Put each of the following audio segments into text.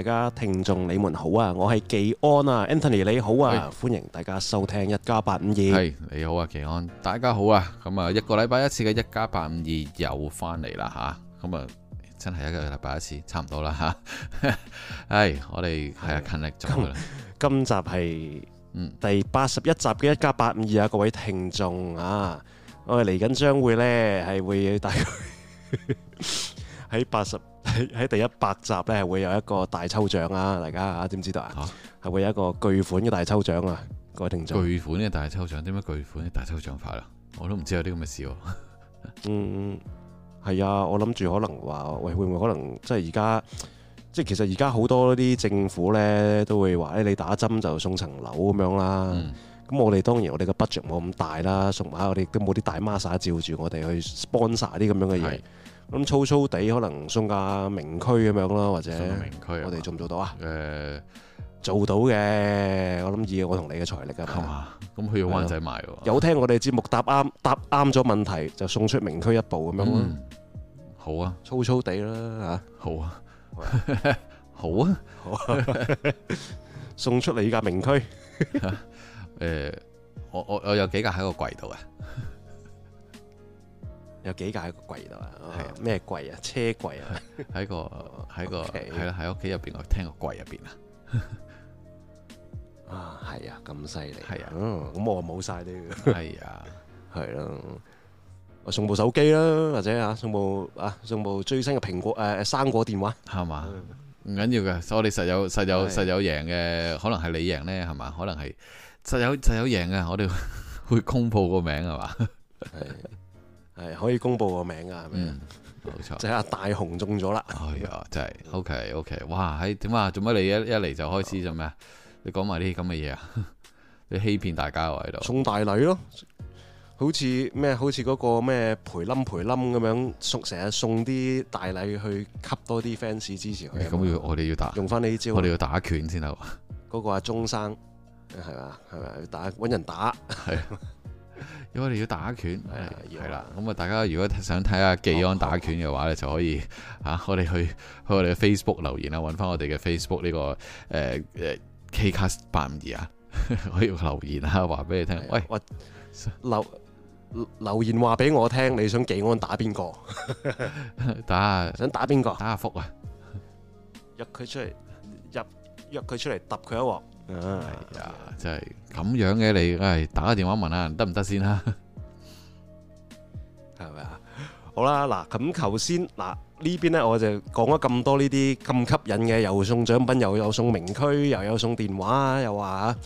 大家聽眾你們好啊，我係紀安啊，Anthony 你好啊，歡迎大家收聽一家八五二。係你好啊，紀安，大家好啊，咁啊一個禮拜一次嘅一家八五二又翻嚟啦吓，咁啊真係一個禮拜一次，差唔多啦吓。係我哋係啊勤力咗啦。今集係嗯第八十一集嘅一家八五二啊，各位聽眾啊，我哋嚟緊將會呢係會大概喺八十。喺第一百集咧，係會有一個大抽獎啊！大家知知啊，知唔知道啊？係會有一個巨款嘅大抽獎啊！各位聽眾，巨款嘅大抽獎，點解巨款嘅大抽獎法啦？我都唔知有啲咁嘅事，啊。 嗯，係啊，我諗住可能話，喂，會唔會可能即係而家，即係其實而家好多啲政府咧都會話咧，你打針就送層樓咁樣啦。咁、嗯、我哋當然，我哋嘅 budget 冇咁大啦，送下我哋都冇啲大媽照住我哋去 sponsor 啲咁樣嘅嘢。咁粗粗地可能送架名區咁樣咯，或者我哋做唔做到啊？誒，做到嘅，我諗以我同你嘅財力啊，咁去用灣仔買喎。有聽我哋節目答啱答啱咗問題，就送出名區一部咁樣咯。好啊，粗粗地啦嚇，好啊，好啊，好啊，送出你架名區。誒，我我我有幾架喺個櫃度啊？有幾架喺個櫃度啊？係咩櫃啊？車櫃啊？喺個喺、哦、個係啦，喺屋企入邊我聽個櫃入邊啊！啊，係啊，咁犀利係啊，咁我冇晒啲，係啊，係咯、 啊啊，我送部手機啦，或者啊，送部啊，送部最新嘅蘋果誒、啊，生果電話係嘛？唔緊要嘅，所以我哋實有實有實有贏嘅，可能係你贏咧，係嘛？可能係實有實有贏嘅，我哋會公布個名係嘛？係.。 係可以公布個名㗎，係咪啊？冇錯，即係阿大雄中咗啦。哎呀，真係，OK OK，哇，喺點啊？做乜你一一嚟就開始、oh. 做咩？你講埋啲咁嘅嘢啊？ 你欺騙大家喎喺度。送大禮咯， 好似咩？好似嗰個咩賠冧賠冧咁樣，常常送成日送啲大禮去吸多啲 fans 支持佢。咁要、 嗯、我哋要打，用翻呢招、啊，我哋要打拳先得。嗰 個阿鍾生，係嘛係咪？要打搵人打，係。 因為我哋要打拳，係啦，咁啊，大家如果想睇下紀安打拳嘅話咧，哦、就可以、嗯、啊，我哋去去我哋嘅 Facebook 留言啦，搵翻我哋嘅 Facebook 呢、這個誒誒、呃、KCast 八五二啊，可 以留言啦，話俾你聽。的喂，留留言話俾我聽，你想紀安打邊個？ 打下，想打邊個？打阿福啊！入佢出嚟，入約佢出嚟，揼佢一鑊。係、哎、呀，真係咁樣嘅你，誒打個電話問下得唔得先啦，係咪啊？好啦，嗱，咁頭先嗱呢邊呢，我就講咗咁多呢啲咁吸引嘅，又送獎品，又有送名區，又有送電話，又話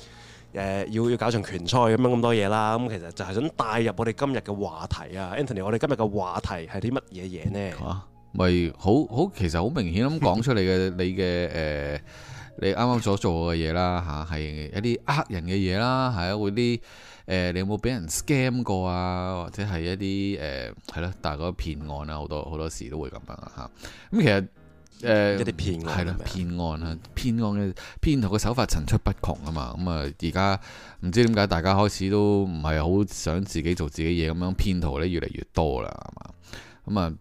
吓，誒、呃，要要搞場拳賽咁樣咁多嘢啦。咁其實就係想帶入我哋今日嘅話題啊，Anthony，我哋今日嘅話題係啲乜嘢嘢呢？咪好好，其實好明顯咁講出嚟嘅， 你嘅誒。呃你啱啱所做嘅嘢啦嚇，係一啲呃人嘅嘢啦，係啊會啲誒，你有冇俾人 scam 過啊？或者係一啲誒係咯，大個騙案啦，好多好多時都會咁樣啊嚇。咁其實誒，呃、一啲騙案係咯騙案啦，騙案嘅騙徒嘅手法層出不窮啊嘛。咁啊而家唔知點解大家開始都唔係好想自己做自己嘢咁樣，騙徒咧，越嚟越多啦，係嘛咁啊。嗯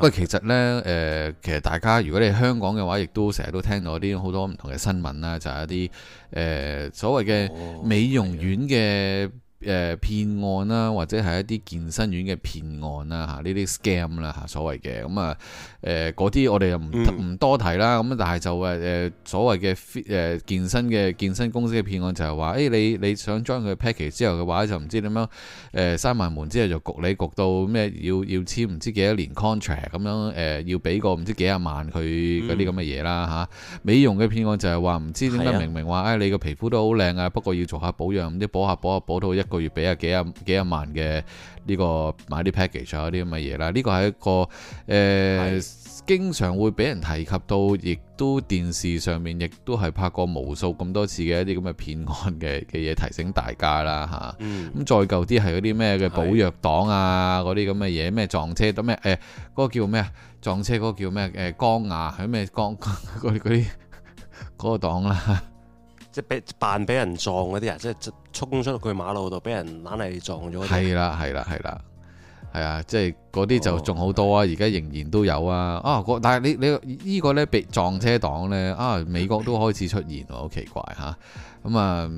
喂，其實呢，誒、呃，其實大家如果你香港嘅話，亦都成日都聽到啲好多唔同嘅新聞啦，就係、是、一啲誒、呃、所謂嘅美容院嘅誒騙案啦，或者係一啲健身院嘅騙案啦，嚇呢啲 scam 啦，嚇所謂嘅咁啊誒嗰啲我哋又唔唔多提啦，咁但係就誒誒、呃、所謂嘅誒、呃、健身嘅健身公司嘅騙案就係話，誒、哎、你你想 join 佢 package 之後嘅話，就唔知點樣誒閂埋門之後就焗你焗到咩要要簽唔知幾多年 contract 咁樣，誒、呃、要俾個唔知幾十萬啊萬佢嗰啲咁嘅嘢啦，嚇美容嘅騙案就係話唔知點解明明話誒、哎、你個皮膚都好靚啊，不過要做下保養咁，啲保下保下保下保到一。個月俾啊幾啊幾啊萬嘅呢個買啲 package 啊啲咁嘅嘢啦，呢個係一個誒、呃、的經常會俾人提及到，亦都電視上面亦都係拍過無數咁多次嘅一啲咁嘅騙案嘅嘅嘢提醒大家啦吓，咁再舊啲係嗰啲咩嘅寶藥黨啊，嗰啲咁嘅嘢，咩、啊、的撞車都咩誒嗰個叫咩撞車嗰個叫咩誒、呃、江牙喺咩江嗰啲嗰啲個黨啦。即係扮俾人撞嗰啲人，即係即衝出去佢馬路度，俾人攬嚟撞咗。係啦，係啦，係啦，係啊！即係嗰啲就仲好多啊，而家、哦、仍然都有啊。啊，但係你你依個咧被撞車黨咧啊，美國都開始出現喎，好奇怪嚇咁啊！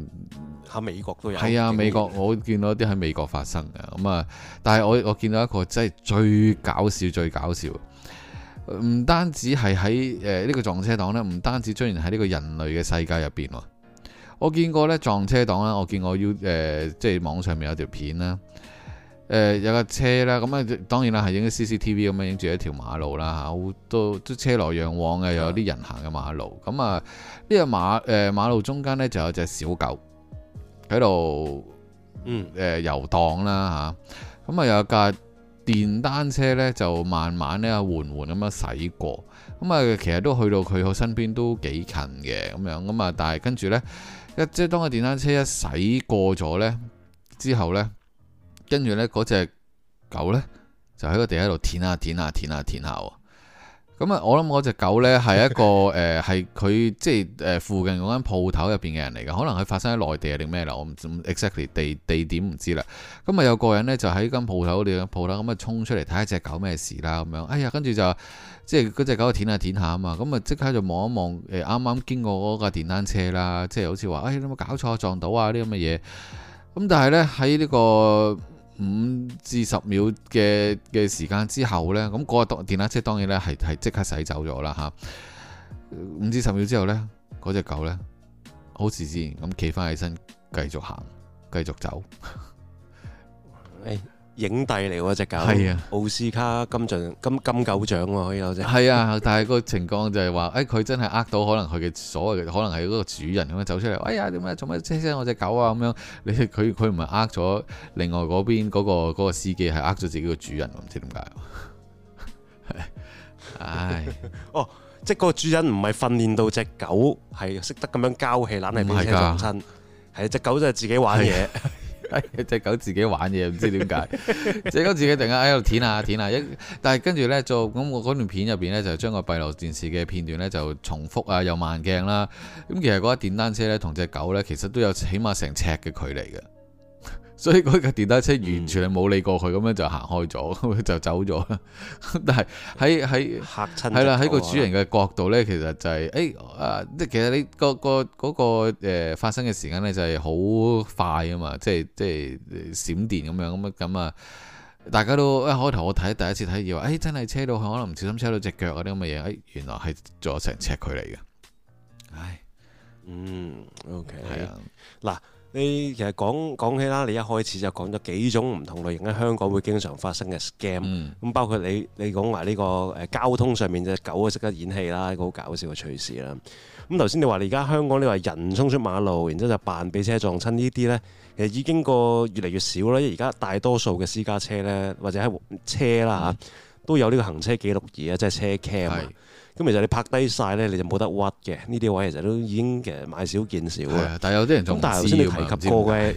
喺 美國都有。係啊的，經然 美國我見到啲喺美國發生嘅咁啊，但係我我見到一個真係最搞笑最搞笑，唔單止係喺誒呢個撞車黨咧，唔單止出現喺呢個人類嘅世界入邊。我見過咧撞車黨啦，我見我 U 誒即係網上面有條片啦，誒、呃、有架車啦，咁啊當然啦係影啲 CCTV 咁樣影住一條馬路啦嚇，好多都車來人往嘅，有啲人行嘅馬路，咁啊呢個馬誒、呃、馬路中間呢就有隻小狗喺度，嗯誒遊蕩啦嚇，咁、嗯、啊、嗯、有架電單車呢，就慢慢呢，緩緩咁樣駛過，咁、嗯、啊其實都去到佢個身邊都幾近嘅咁樣，咁啊但係跟住呢。即係當個電單車一駛過咗呢之後呢，跟住呢嗰隻狗呢，就喺個地喺度舔下舔下舔下舔下喎。咁、嗯、啊，我諗嗰隻狗呢，係一個誒係佢即係誒附近嗰間鋪頭入邊嘅人嚟㗎，可能佢發生喺內地定咩啦，我唔 exactly 地地點唔知啦。咁、嗯、啊有個人呢，就喺間鋪頭度，鋪頭咁啊衝出嚟睇下隻狗咩事啦咁樣，哎呀跟住就。即係嗰隻狗舔下舔下啊嘛，咁啊即刻就望一望，誒啱啱經過嗰架電單車啦，即係好似話，哎你有冇搞錯撞到啊啲咁嘅嘢？咁但係呢，喺呢個五至十秒嘅嘅時間之後呢，咁、嗰個電單車當然呢係係即刻駛走咗啦嚇。五、啊、至十秒之後呢，嗰隻狗呢，好自然咁企翻起身，繼續行，繼續走。 hey. 影帝嚟喎，隻狗，奧、啊、斯卡金獎金金狗獎喎，可以有隻，係啊！但係個情況就係話，誒、哎、佢真係呃到可能佢嘅所謂嘅可能係嗰個主人咁樣走出嚟，哎呀點解做乜車車我隻狗啊咁樣？你佢佢唔係呃咗另外嗰邊嗰個司機，係呃咗自己個主人，哎、我唔、啊那個那個、知點解。唉，哎、 哦，即係個主人唔係訓練到隻狗係識得咁樣交氣，攬嚟俾車撞親，係隻狗就自己玩嘢。 隻、哎、狗自己玩嘢，唔知點解。隻 狗自己突然間喺度舔下舔下，一下但係跟住呢，呢，就咁，我嗰段片入邊呢，就將個閉路電視嘅片段呢，就重複啊，又慢鏡啦。咁其實嗰架電單車呢，同隻狗呢，其實都有起碼成尺嘅距離嘅。所以嗰架電單車完全係冇理過佢咁樣就行開咗，嗯、就走咗。 走了 但係喺喺嚇親倒， 係啦，喺個主人嘅角度咧、就係欸呃，其實就係誒啊！即係其實你個個嗰個誒發生嘅時間咧，就係好快啊嘛！即係即係閃電咁樣咁啊！大家都一、欸、開頭我睇第一次睇以為誒真係車到佢，可能唔小心車到隻腳啊啲咁嘅嘢。誒、欸、原來係做成尺距離嘅。唉，嗯，OK，係啊的，嗱。 你其實講講起啦，你一開始就講咗幾種唔同類型咧，香港會經常發生嘅 scam，咁包括你你講話呢個誒交通上面隻狗啊識得演戲啦，一個好搞笑嘅趣事啦。咁頭先你話你而家香港你話人衝出馬路，然之後就扮俾車撞親呢啲呢，其實已經過越嚟越少啦。因為而家大多數嘅私家車呢，或者喺車啦嚇，嗯、都有呢個行車記錄儀啊，即係車 cam 咁其實你拍低晒咧，你就冇得屈嘅。呢啲位其實都已經誒買少見少啊。但係有啲人就唔知嘅。咁但係頭先你提及過嘅、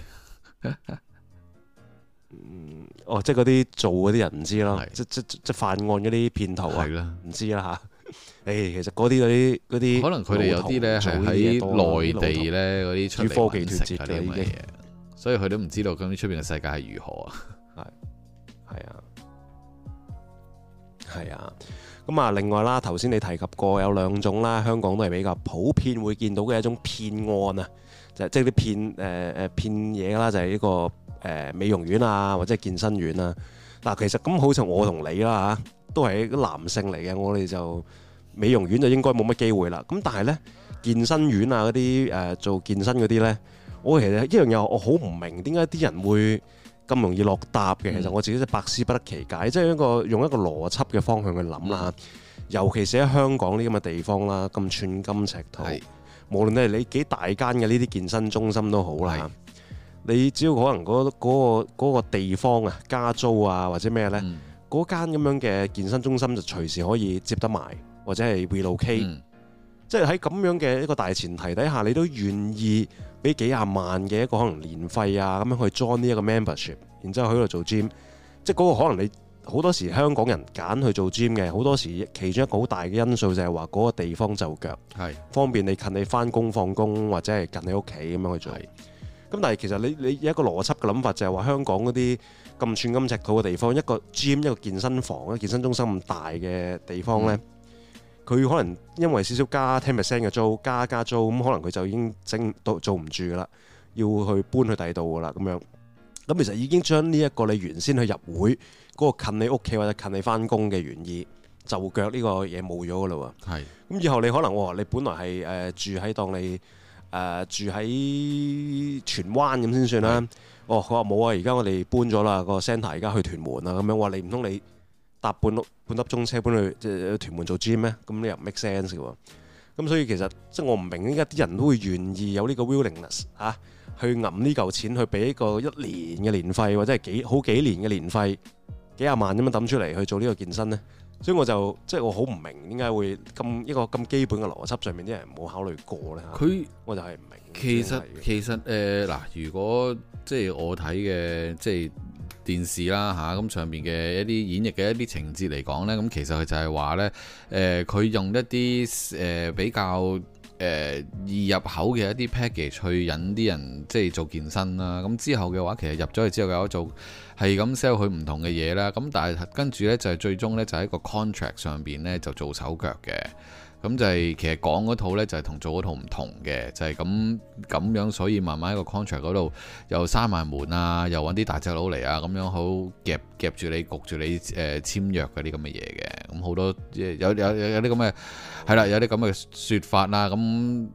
嗯，哦，即係嗰啲做嗰啲人唔知啦，的即即即犯案嗰啲騙徒啊，唔的知啦嚇、啊。誒、哎，其實嗰啲嗰啲啲， 可能佢哋有啲咧係喺內地咧嗰啲出嚟嘅，所以佢都唔知道咁啲出邊嘅世界係如何啊。係，係啊，係啊。咁啊，另外啦，頭先你提及過有兩種啦，香港都係比較普遍會見到嘅一種騙案啊、呃，就即係啲騙誒誒騙嘢啦，就係呢個誒美容院啊，或者健身院啊。嗱，其實咁好似我同你啦嚇，都係一個男性嚟嘅，我哋就美容院就應該冇乜機會啦。咁但係咧，健身院啊嗰啲誒做健身嗰啲咧，我其實一樣嘢，我好唔明點解啲人會，咁容易落搭嘅，其實我自己都百思不得其解，嗯、即係一個用一個邏輯嘅方向去諗啦。嗯、尤其是喺香港呢啲咁嘅地方啦，咁寸金尺土，係、無論係你幾大間嘅呢啲健身中心都好啦。係、你只要可能嗰、嗰、嗰、個嗰個嗰個地方啊加租啊或者咩呢，嗰、嗯、間咁樣嘅健身中心就隨時可以接得埋，或者係 relocate。即係喺咁樣嘅一個大前提底下，你都願意。俾幾廿萬嘅一個可能年費啊，咁樣去 join 呢一個 membership，然之後喺度做 gym，即係嗰個可能你好多時香港人揀去做 gym 嘅，好多時其中一個好大嘅因素就係話嗰個地方就腳，係是方便你近你翻工放工或者係近你屋企咁樣去做。咁是但係其實你你有一個邏輯嘅諗法就係話香港嗰啲咁寸金尺土嘅地方，一個 gym 一個健身房、一個健身中心咁大嘅地方呢。嗯佢可能因為少少加 ten percent 嘅租，加加租咁，可能佢就已經升到做唔住啦，要去搬去第二度噶啦，咁樣咁其實已經將呢一個你原先去入會嗰、嗰個近你屋企或者近你翻工嘅原意就腳呢個嘢冇咗噶啦喎。咁是以後你可能、哦、你本來係誒、呃、住喺當你誒、呃、住喺荃灣咁先算啦。的哦，佢話冇啊，而家我哋搬咗啦，個 centre 而家去屯門啦、啊，咁樣我你唔通你？搭半半粒鐘車本去即係屯門做 gym 咩？咁你又 make sense 嘅喎。咁所以其實即係我唔明點解啲人都會願意有呢個 willingness 嚇、啊，去揞呢嚿錢去俾一個一年嘅年費或者係幾好幾年嘅年費，幾廿萬咁樣抌出嚟去做呢個健身咧。所以我就即係我好唔明點解會咁一個咁基本嘅邏輯上面啲人冇考慮過咧。佢他我就係唔明。其實其實誒嗱、呃，如果即係我睇嘅即係。電視啦嚇，咁、啊、上邊嘅一啲演繹嘅一啲情節嚟講呢，咁其實佢就係話呢，誒、呃、佢用一啲誒、呃、比較、呃、易入口嘅一啲 package 去引啲人即係做健身啦。咁、啊、之後嘅話，其實入咗去之後有做係咁 sell 佢唔同嘅嘢啦。咁、啊、但係跟住呢，就係、是、最終呢，就喺個 contract 上邊呢，就做手腳嘅。咁就係、是、其實講嗰套咧，就係、是、同做嗰套唔同嘅，就係咁咁樣，所以慢慢喺個 contract 嗰度又閂埋門啊，又搵啲大隻佬嚟啊，咁樣好夾夾住你，焗住你誒、呃、簽約嗰啲咁嘅嘢嘅，咁、嗯、好多有有有有啲咁嘅係啦，有啲咁嘅説法啦，咁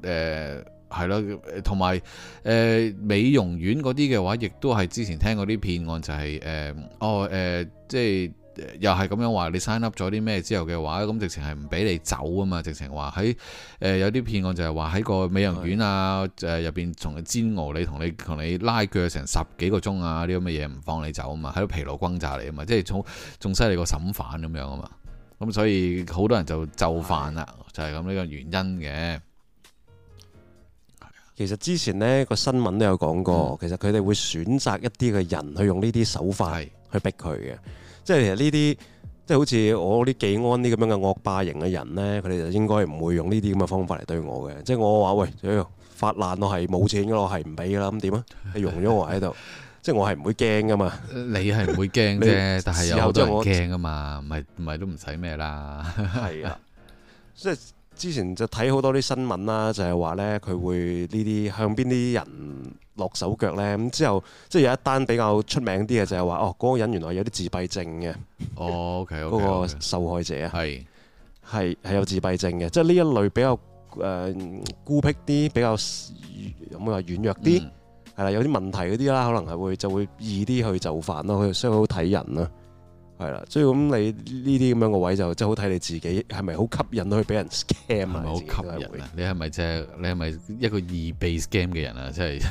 誒係咯，同埋誒美容院嗰啲嘅話，亦都係之前聽過啲騙案、就是，就係誒哦誒、呃、即係。又係咁樣話，你 sign up 咗啲咩之後嘅話，咁直情係唔俾你走啊嘛。直情話喺誒，有啲騙案就係話喺個美容院啊誒入邊從煎熬你，同你同你拉腳成十幾個鐘啊，啲咁嘅嘢唔放你走啊嘛，喺度疲勞轟炸你啊嘛，即係仲仲犀利過審犯咁樣啊嘛。咁所以好多人就就範啦，的就係咁呢個原因嘅。其實之前呢個新聞都有講過，嗯、其實佢哋會選擇一啲嘅人去用呢啲手法去逼佢嘅。即係呢啲，即係好似我啲紀安啲咁樣嘅惡霸型嘅人咧，佢哋就應該唔會用呢啲咁嘅方法嚟對我嘅。即係我話喂，發爛我係冇錢嘅咯，係唔俾嘅啦。咁 點啊？係容咗我喺度，即係我係唔會驚嘅嘛。你係唔會驚啫，但係有好多人驚嘅嘛。唔係唔係都唔使咩啦。係啊，即係。之前就睇好多啲新聞啦，就係話咧佢會呢啲向邊啲人落手腳咧。咁之後即係有一單比較出名啲嘅，就係話哦，嗰個人原來有啲自閉症嘅。哦，okay, okay，嗰個受害者啊，係係係有自閉症嘅，即係呢一類比較誒孤僻啲，比較有冇話軟弱啲，係啦，嗯，有啲問題嗰啲啦，可能係會就會易啲去就犯咯，佢相好睇人啦。係啦，所以咁你呢啲咁樣個位就真係、就是、好睇你自己係咪好吸引到去俾人 scam？唔好吸引啊！你係咪隻？你係咪、就是、的一個易被 scam 嘅人啊？即係，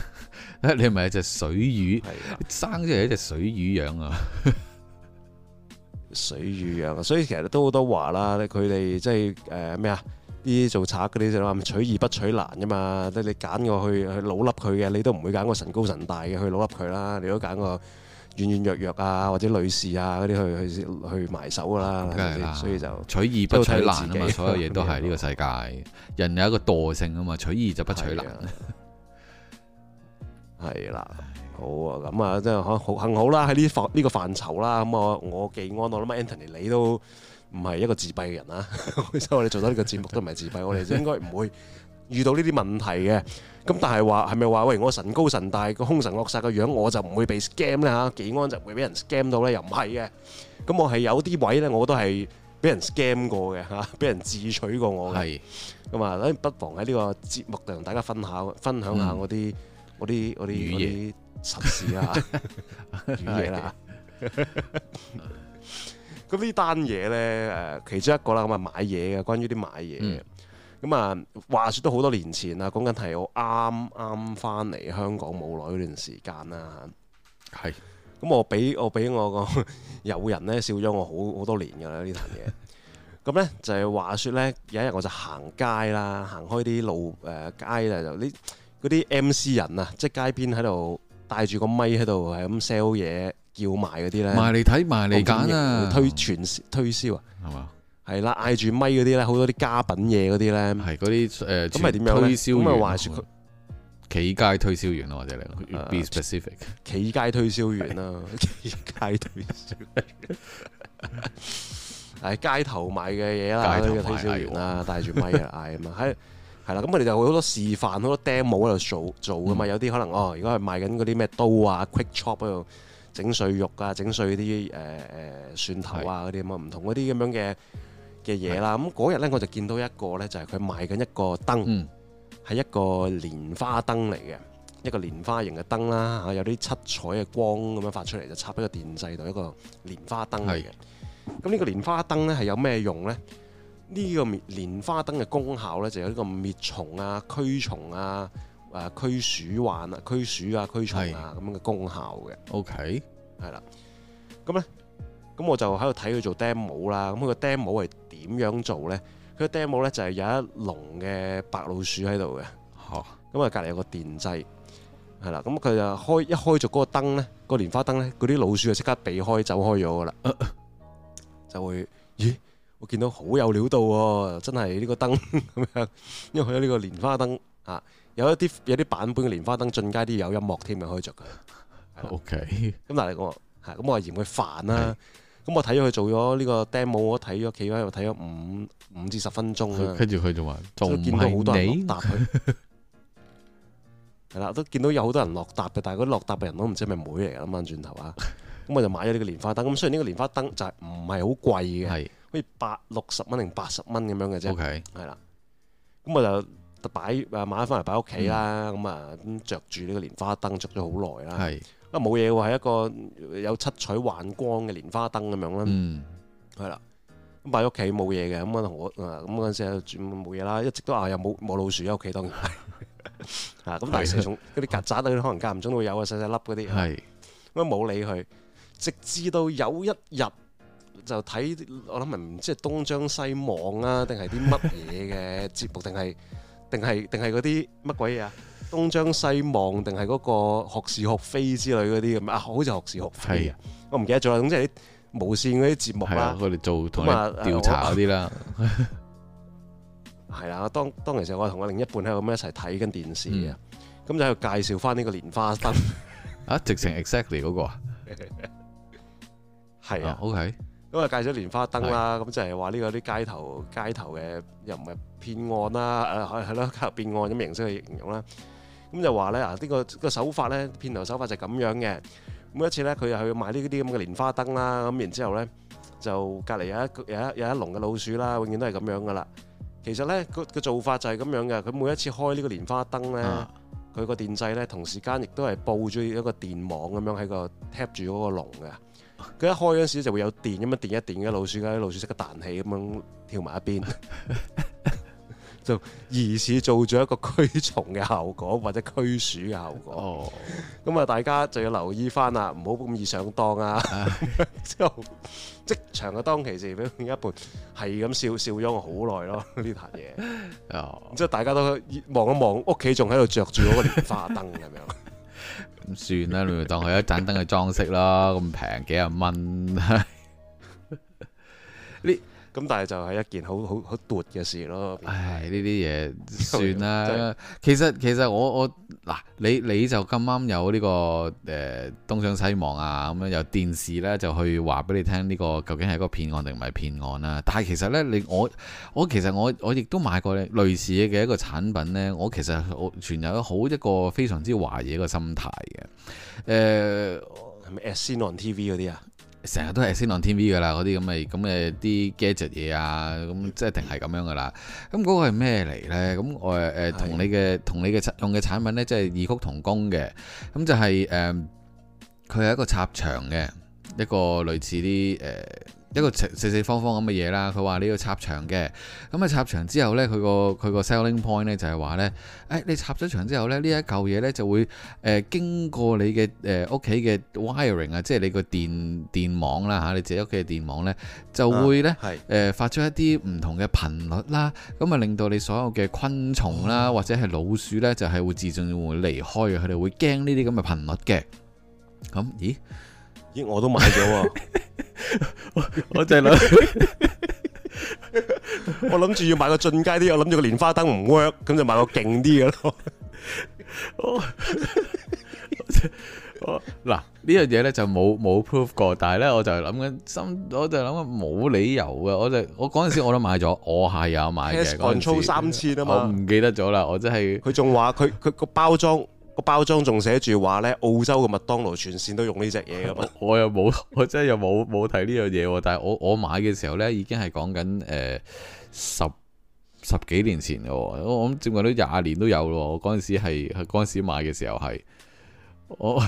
你係咪一隻水魚？的生即係一隻水魚樣啊！ 水魚樣，所以其實都好多話啦。佢哋即係誒咩啊？啲、呃、做賊嗰啲就話、是、取易不取難啫嘛。即係你揀個去去老笠佢嘅，你都唔會揀個神高神大嘅去老笠佢啦。你都揀個。軟軟弱弱啊，或者女士啊嗰啲去去去，去埋手噶啦是是，所以就取易不取難啊嘛，嘛所有嘢都係呢個世界，人有一個惰性啊嘛，取易就不取難，啊。係啦、 啊，好啊，咁啊，即係可幸好啦，喺呢呢個範疇啦，咁我我既安，我諗 Anthony 你都唔係一個自閉嘅人啦， 所以我哋做咗呢個節目都唔係自閉， 我哋應該唔會。遇到呢啲問題嘅，咁但係話係咪話喂我神高神大個凶神惡煞個樣我就唔會被 scam 咧嚇？幾安就唔會俾人 scam 到咧？又唔係嘅，咁我係有啲位咧，我都係俾人 scam 過嘅嚇，俾人智取過我嘅。係咁啊，不妨喺呢個節目度同大家分享下我啲我啲我啲我啲實事啊，語嘢啦。咁呢單嘢咧誒，其中一個啦，咁啊買嘢嘅，關於啲買嘢嘅。咁啊，話說都好多年前啦，講緊係我啱啱翻嚟香港冇耐嗰段時間啦，係。咁我俾我俾我個友人咧笑咗我好好多年噶啦，呢單嘢。咁咧就係話說咧，有一日我就行街啦，行開啲路誒、呃、街咧就啲嗰啲 M C 人啊，即係街邊喺度帶住個咪喺度係咁 sell 嘢叫賣嗰啲咧，埋嚟睇，埋嚟揀，推全推銷啊，係嘛？係啦，嗌住咪嗰啲咧，好多啲家品嘢嗰啲咧，係嗰啲誒。咁係點樣咧？咁啊，話説佢，企街推銷員咯，或者嚟咯，be specific。企街推銷員啦，企街推銷。喺街頭賣嘅嘢啦，推銷員啦，帶住咪啊嗌啊，係係啦。咁我哋就會好多示範，好多 demo 喺度做做噶嘛。有啲可能哦，如果係賣緊嗰啲咩刀啊，quick chop 喺度整碎肉啊，整碎啲誒誒蒜頭啊嗰啲咁啊，唔同嗰啲咁樣嘅。嘅嘢啦，咁嗰日咧我就見到一個咧，就係佢賣緊一個燈，係一個蓮花燈嚟嘅，一個蓮花形嘅燈啦，嚇有啲七彩嘅光咁樣發出嚟，就插喺個電掣度，一個蓮花燈嚟嘅。咁呢個蓮花燈咧係有咩用咧？呢個滅蓮花燈嘅功效咧就有呢個滅蟲啊、驅蟲啊、誒驅鼠患啊、驅鼠啊、驅蟲啊咁樣嘅功效嘅。OK，係啦。咁咧，咁我就喺度睇佢做 demo 啦。咁佢個 demo 係。點樣做呢？佢嘅 demo 呢，就係有一籠嘅白老鼠喺度嘅，咁啊隔離有個電掣，係啦，咁佢就開一開著嗰個燈咧，嗰、嗰個蓮花燈呢，嗰啲老鼠就即刻避開走開咗噶啦，啊、就會咦？我見到好有料到喎、哦，真係呢個燈咁樣， 因為佢呢個蓮花燈啊，有一啲有啲版本嘅蓮花燈進階啲有音樂添，可以開著嘅。OK，咁但係我嚇咁我嫌佢煩啦、啊。咁、嗯、我睇咗佢做咗呢個 demo，我睇咗企喺度睇咗五五至十分鐘啊！跟住佢仲話，就見到好多人落搭佢。係啦， 都見到有好多人落搭嘅，但係嗰啲落搭嘅人都唔知係咪妹嚟嘅，諗翻轉頭啊！咁、 嗯、我就買咗呢個蓮花燈，咁雖然呢個蓮花燈就係唔係好貴嘅，係好似百六十蚊定八十蚊咁樣嘅啫。OK Okay .係啦，咁我就擺啊買咗翻嚟擺屋企啦，咁啊着住呢個蓮花燈着咗好耐啦。是冇嘢喎，係一個有七彩幻光嘅蓮花燈咁樣啦，係啦、嗯，咁擺屋企冇嘢嘅，咁我咁嗰陣時啊住冇嘢啦，一直都啊又冇冇老鼠喺屋企，當然係，啊咁大食蟲嗰啲曱甴啊，可能間唔中都會有啊，細細粒嗰啲，咁啊冇理佢，直至到有一日就睇，我諗唔知係東張西望啊，定係啲乜嘢嘅節目，定係定係定係嗰啲乜鬼嘢啊？東張西望，定係嗰個學是學非之類嗰啲咁啊？好似學是學非啊！我唔記得咗啦，總之係無綫嗰啲節目啦，佢哋做咁啊調查嗰啲啦，係啦。當當其時，我同我另一半喺度咁一齊睇緊電視啊，咁就喺度介紹翻呢個蓮花燈啊，直情 exactly 嗰個啊，係啊，OK。咁啊，介紹蓮花燈啦，咁就係話呢個啲街頭街頭嘅又唔係騙案啦，誒係咯，街頭騙案咁形式去形容啦。咁、嗯、就話咧啊！呢、這個、這個手法咧，片頭手法就係咁樣嘅。每一次咧，佢又去買呢啲咁嘅蓮花燈啦，咁然之後咧，就隔離有一有一有一籠嘅老鼠啦，永遠都係咁樣噶啦。其實咧，佢嘅做法就係咁樣嘅。佢每一次開個蓮呢個蓮花燈咧，佢個、啊、電掣咧，同時間亦都係佈咗一個電網咁樣喺個貼住嗰個籠嘅。佢一開嗰時就會有電咁樣電一電嘅老鼠，老鼠識得彈起咁樣跳埋一邊。 就疑似做咗一個驅蟲嘅效果，或者驅鼠嘅效果。哦，咁啊，大家就要留意翻啦，唔好咁易上當啊！ 就職場嘅當其時，另一半係咁笑笑咗我好耐咯，呢壇嘢。哦，即大家都望一望，屋企仲喺度着住嗰個蓮花燈係咪啊？咁算啦，你當佢一盞燈嘅裝飾啦，咁平幾十蚊，係 咁但係就係一件好好好毒嘅事咯。唉，呢啲嘢算啦了以。其實其實我我嗱你你就咁啱有呢、這個誒、呃、東張西望啊，咁樣由電視咧、啊、就去話俾你聽、這、呢個究竟係一個騙案定唔係騙案啦、啊。但係其實咧，你我我其實我我亦都買過類似嘅一個產品咧。我其實存有好一個非常之懷疑嘅心態嘅。誒、呃，係咪 S Channel TV 嗰啲啊？成日都係新浪 TV 噶啦，嗰啲咁咪咁誒啲 gadget 嘢啊，咁即係定係咁樣噶啦。咁嗰個係咩嚟呢？咁我誒、呃、同你嘅同你嘅用嘅產品呢，即、就、係、是、異曲同工嘅。咁就係、是、誒，佢、呃、係一個插牆嘅一個類似啲誒。呃一個四四方方咁嘅嘢啦，佢話你要插牆嘅，咁、嗯、啊插牆之後呢，佢個佢個 selling point 呢就係話呢：哎「誒你插咗牆之後呢，這個、呢一嚿嘢呢就會誒、呃、經過你嘅誒屋企嘅 wiring 啊，即係你個電電網啦嚇、啊，你自己屋企嘅電網呢就會咧誒、啊呃、發出一啲唔同嘅頻率啦，咁、嗯、啊令到你所有嘅昆蟲啦或者係老鼠呢，就係、是、會自動會離開嘅，佢哋會驚呢啲咁嘅頻率嘅，咁、嗯、咦？咦， 我都 買咗，我就諗，我諗住要買個進階啲，我諗住個蓮花燈唔 work，咁就買個勁啲嘅咯。嗱，呢樣嘢咧就冇冇 prove 過，但係咧我就諗緊心，我就諗緊冇理由嘅，我就係、我嗰陣時我都買咗，我係有買嘅，嗰陣三千啊嘛，我唔記得咗啦，我真係，佢仲話佢佢個包裝。個包裝仲寫住話咧，澳洲嘅麥當勞全綫都用呢隻嘢噶嘛？我又冇，我真係又冇冇睇呢樣嘢。但係我我買嘅時候呢，已經係講緊誒十十幾年前咯。我諗接近都廿年都有咯。我嗰陣時係嗰陣時買嘅時候係，我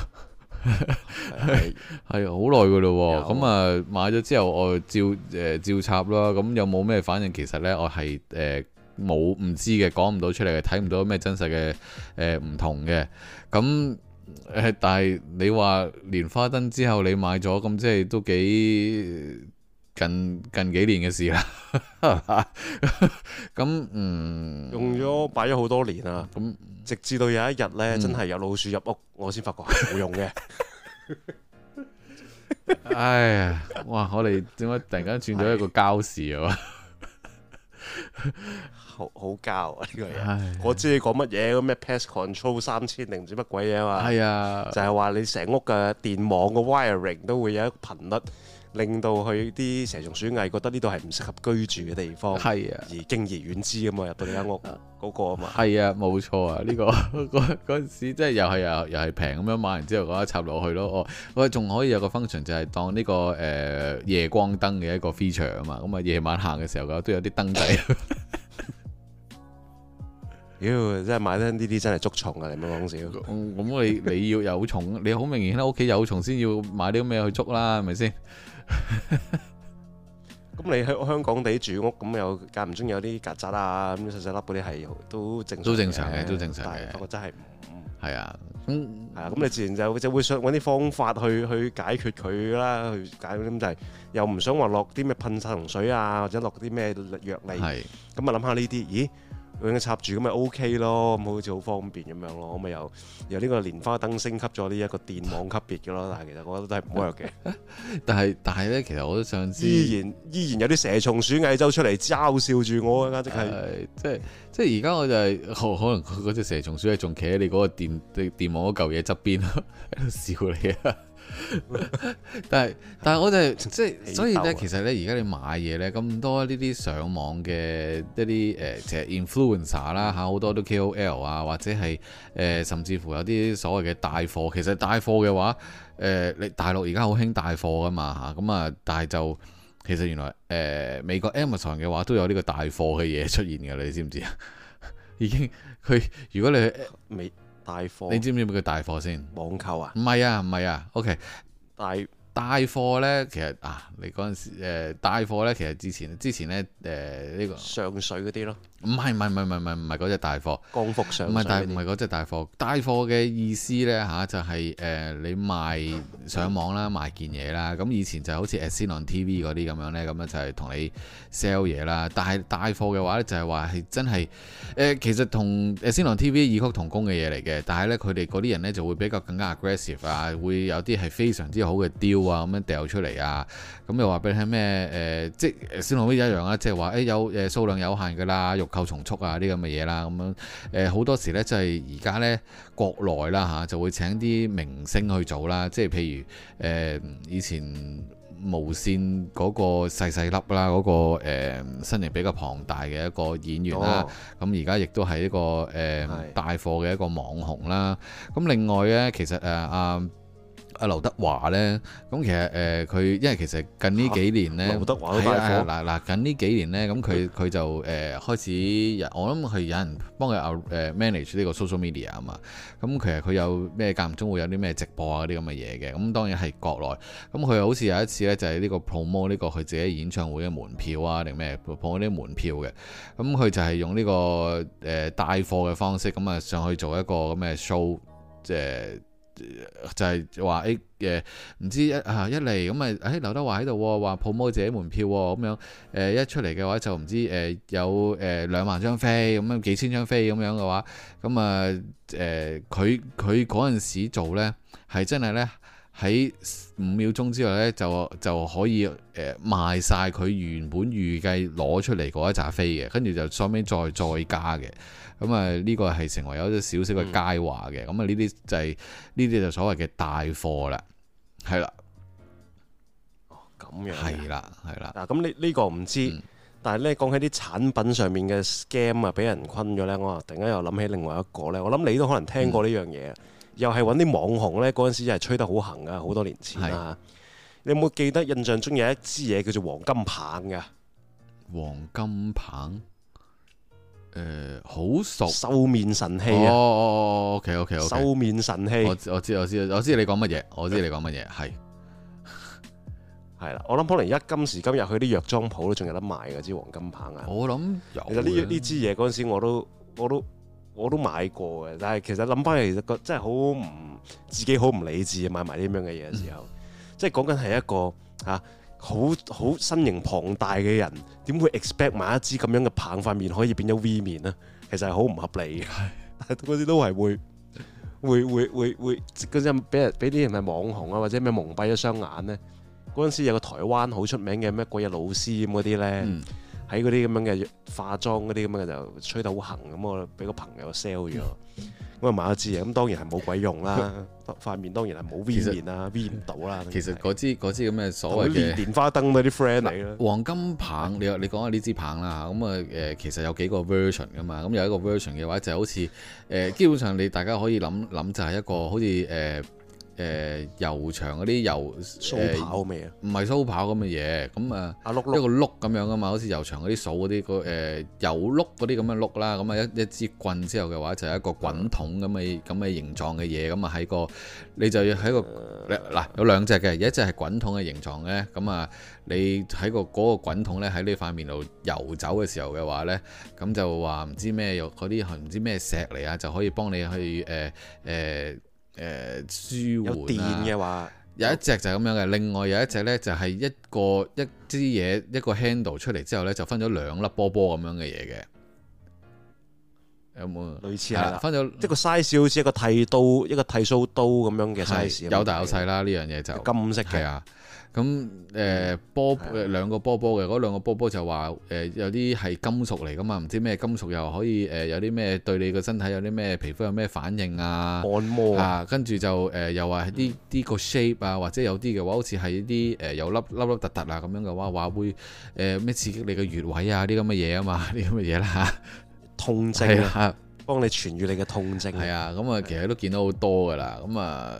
係好耐噶咯。咁啊買咗之後我照誒、呃、照插啦。咁有冇咩反應？其實呢，我係誒。冇唔知嘅，講唔到出嚟嘅，睇唔到咩真實嘅誒唔同嘅，咁誒、呃，但係你話蓮花燈之後你買咗，咁即係都幾近近幾年嘅事啦。咁 嗯，用咗擺咗好多年喇，咁那直至到有一日呢，嗯、真係有老鼠入屋，我先發覺係冇用嘅。哎呀， 哇！我哋點解突然間轉咗一個交市啊？ 好好交啊，呢個嘢，的我知你講乜嘢，咁咩 pass control 三千定唔知乜鬼嘢啊嘛，係啊的，就係話你成屋嘅電網嘅 wiring 都會有一頻率，令到佢啲蛇蟲鼠蟻覺得呢度係唔適合居住嘅地方，係啊的，而敬而遠之啊嘛，入到你間屋嗰、那個啊嘛，係啊，冇錯啊，呢、這個嗰嗰陣時即係又係又又係平咁樣買完之後嗰一插落去咯哦，我、哦、仲可以有個 function 就係、是、當呢、這個誒、呃、夜光燈嘅一個 feature 啊嘛，咁、嗯、啊夜晚行嘅時候都有啲燈仔。 妖，store，真係買得呢啲真係捉蟲啊！你唔好講笑。咁你 你要有蟲，你好明顯喺屋企有蟲先要買啲咩去捉啦，係咪先？咁 你喺香港地住屋，咁又間唔中有啲曱甴啊，咁細細粒嗰啲係都正常，都正常嘅，都正常嘅。但係我 真係，係語啊，係啊，咁你自然就就會想搵啲方法去去解決佢啦，去解咁就係又唔想話落啲咩噴殺蟲水啊，或者落啲咩藥嚟。咁啊諗下呢啲，咦語？語岩用佢插住咁咪 OK 咯，咁好似好方便咁樣咯，咁咪又又呢個蓮花燈升級咗呢一個電網級別嘅咯，但係其實我覺得都係唔 work 嘅。但係但係咧，其實我都想知依然依然有啲蛇蟲鼠蟻走出嚟嘲笑住我啊！簡直、就、係、是哎、即係即係而家我就係、是哦、可能嗰隻蛇蟲鼠係仲企喺你嗰個電電電網嗰嚿嘢側邊喺度， 笑你啊！ 但係，但係我哋， 即係，所以咧，其實咧，而家你買嘢咧咁多呢啲上網嘅一啲誒，即係 influencer 啦吓，好多都 KOL 啊，或者係誒、呃，甚至乎有啲所謂嘅帶貨，其實帶貨嘅話，誒、呃，你大陸而家好興帶貨噶嘛吓，咁啊，但係就其實原來誒、呃，美國 Amazon 嘅話都有呢個帶貨嘅嘢出現嘅，你知唔知啊？ 已經佢如果你去美。大貨，你知唔知咩叫大貨先？網購啊？唔係啊，唔係啊。OK，大大貨咧，其實啊，你嗰陣時、呃、大貨咧，其實之前之前咧誒呢、呃呢個上水嗰啲咯。唔係，唔係，唔係，唔係，唔係，嗰隻、那個、帶貨，光復上唔係，唔係嗰隻帶貨。帶貨嘅意思呢，嚇、啊、就係、是、誒、呃、你賣上網啦，賣件嘢啦。咁、啊、以前就好似 As Seen On TV 嗰啲咁樣呢，咁樣就係、是、同你 sell 嘢啦。但係帶貨嘅話呢，就係話係真係誒，其實同 As Seen On TV 異曲同工嘅嘢嚟嘅。但係呢，佢哋嗰啲人呢，就會比較更加 aggressive 啊，會有啲係非常之好嘅 deal 啊，咁樣掉出嚟啊。咁又話俾你聽咩誒？即係 As Seen On TV 一樣啦，即係話誒有誒、呃、數量有限㗎啦，購重速啊啲咁嘅嘢啦，咁樣誒好多時呢，就係而家呢國內啦嚇，就會請啲明星去做啦，即係譬如誒、呃、以前無線嗰個細細粒啦、嗰個，嗰、呃、個身形比較龐大嘅一個演員啦，咁而家亦都係一個誒帶貨嘅一個網紅啦。咁另外呢，其實誒阿。呃啊啊，劉德華呢，咁其實誒佢、呃，因為其實近呢幾年呢，劉德華，係啊嗱嗱，你你近呢幾年呢，咁佢佢就誒、呃、開始，我諗係有人幫佢誒、呃、manage 呢個 social media 啊嘛。咁其實佢有咩間唔中會有啲咩直播啊啲咁嘅嘢嘅。咁當然係國內。咁佢好似有一次呢，就係呢個 promo 呢個佢自己演唱會嘅門票啊，定咩 promo 啲門票嘅。咁佢就係用呢、呢個誒帶貨嘅方式，咁啊上去做一個咁嘅 show，即、呃、係。就係話誒誒，唔、欸欸、知、啊、一嚇一嚟咁咪，誒、欸、劉德華喺度、啊啊呃、話《泡沫者》門票喎，咁樣誒一出嚟嘅話就唔知誒有誒、呃、兩萬張飛咁樣幾千張飛咁樣嘅話，咁啊誒佢佢嗰陣時做呢，係真係呢，喺五秒鐘之內呢，就就可以誒、呃、賣晒佢原本預計攞出嚟嗰一扎飛嘅，跟住就上面再再加嘅。咁啊，個嗯、呢個係成為有啲少少嘅佳話嘅。咁啊，呢啲就係呢啲就所謂嘅大貨啦，係啦。哦，咁樣。係啦，係啦。嗱，咁呢呢個唔知，但係咧講起啲產品上面嘅 scam 啊，俾人困咗咧，我突然間又諗起另外一個咧。我諗你都可能聽過呢樣嘢，嗯、又係揾啲網紅咧，嗰陣時係吹得好行噶，好多年前啦、啊。的你有冇記得印象中有一支嘢叫做黃金棒嘅？黃金棒。誒，好、呃、熟！瘦面神器啊！哦哦哦，OK OK 瘦、okay. 面神器，我知我知我知，你講乜嘢，我知你講乜嘢，係係啦。我諗 可能而家今時今日去藥妝店，去啲藥妝鋪都仲有得賣噶，支黃金棒啊！我諗，其實呢呢支嘢嗰陣時我，我都我都我都買過嘅，但係其實諗翻嚟，其實真係好唔自己，好唔理智，買埋啲咁樣嘅嘢嘅時候，嗯、即係講緊係一個啊。好好身形龐大嘅人，點會 expect 買一支咁樣嘅棒，塊面可以變咗 V 面呢？其實係好唔合理嘅。嗰 時都係會、會、會、會、會嗰陣俾人、俾啲人咪網紅啊，或者咩蒙蔽咗雙眼呢？嗰陣時有個台灣好出名嘅咩鬼嘢老師咁嗰啲呢。嗯喺嗰啲咁樣嘅化妝嗰啲咁樣就吹得好痕咁，我俾個朋友 sell 咗，我咪買咗支嘢。咁當然係冇鬼用啦，塊面當然係冇 V 面啦，V 唔到啦。其實嗰支支咁嘅所謂嘅……年花燈嗰啲 friend 嚟啦。黃金棒，你你講下呢支棒啦嚇。咁啊誒，其實有幾個 version 㗎嘛。咁有一個 version 嘅話，就係好似誒，基本上你大家可以諗諗就係一個好似誒。誒油牆嗰啲油，呃、蘇跑味啊？唔係蘇跑咁嘅嘢，咁啊一個碌咁樣噶嘛，好似油牆嗰啲數嗰啲個誒油碌嗰啲咁嘅碌啦，咁、呃、啊、嗯、一一支棍之後嘅話就係、是、一個滾筒咁嘅咁嘅形狀嘅嘢，咁啊喺個你就要喺個嗱、嗯、有兩隻嘅，一隻係滾筒嘅形狀嘅，咁啊你喺個嗰、那個滾筒咧喺呢塊面度游走嘅時候嘅話咧，咁就話唔知咩有嗰啲唔知咩石嚟啊，就可以幫你去誒誒。呃呃呃誒、呃，舒緩嘅、啊、話，有一隻就係咁樣嘅。有另外有一隻呢，就係、是、一個一支嘢，一個 handle 出嚟之後呢，就分咗兩粒波波咁樣嘅嘢嘅。有冇類似係、啊、分咗？了即個 size 好似一個剃刀，一個剃鬚刀咁樣嘅 size。有大有細啦，呢樣嘢就金色嘅呀。咁誒、欸、波兩個波波嘅，嗰兩個波波就話誒、欸、有啲係金屬嚟噶嘛，唔知咩金屬又可以誒、呃、有啲咩對你個身體有啲咩皮膚有咩反應啊？按摩啊，跟住就誒、呃、又話啲啲個 shape 啊，或者有啲嘅話好似係啲誒有粒粒粒突突啊咁樣嘅話話會誒咩、呃、刺激你個穴位啊啲咁嘅嘢啊嘛，啲咁嘅嘢啦，痛症啊， 啊幫你痊癒你嘅痛症。係啊，咁啊其實都見到好多噶啦，咁啊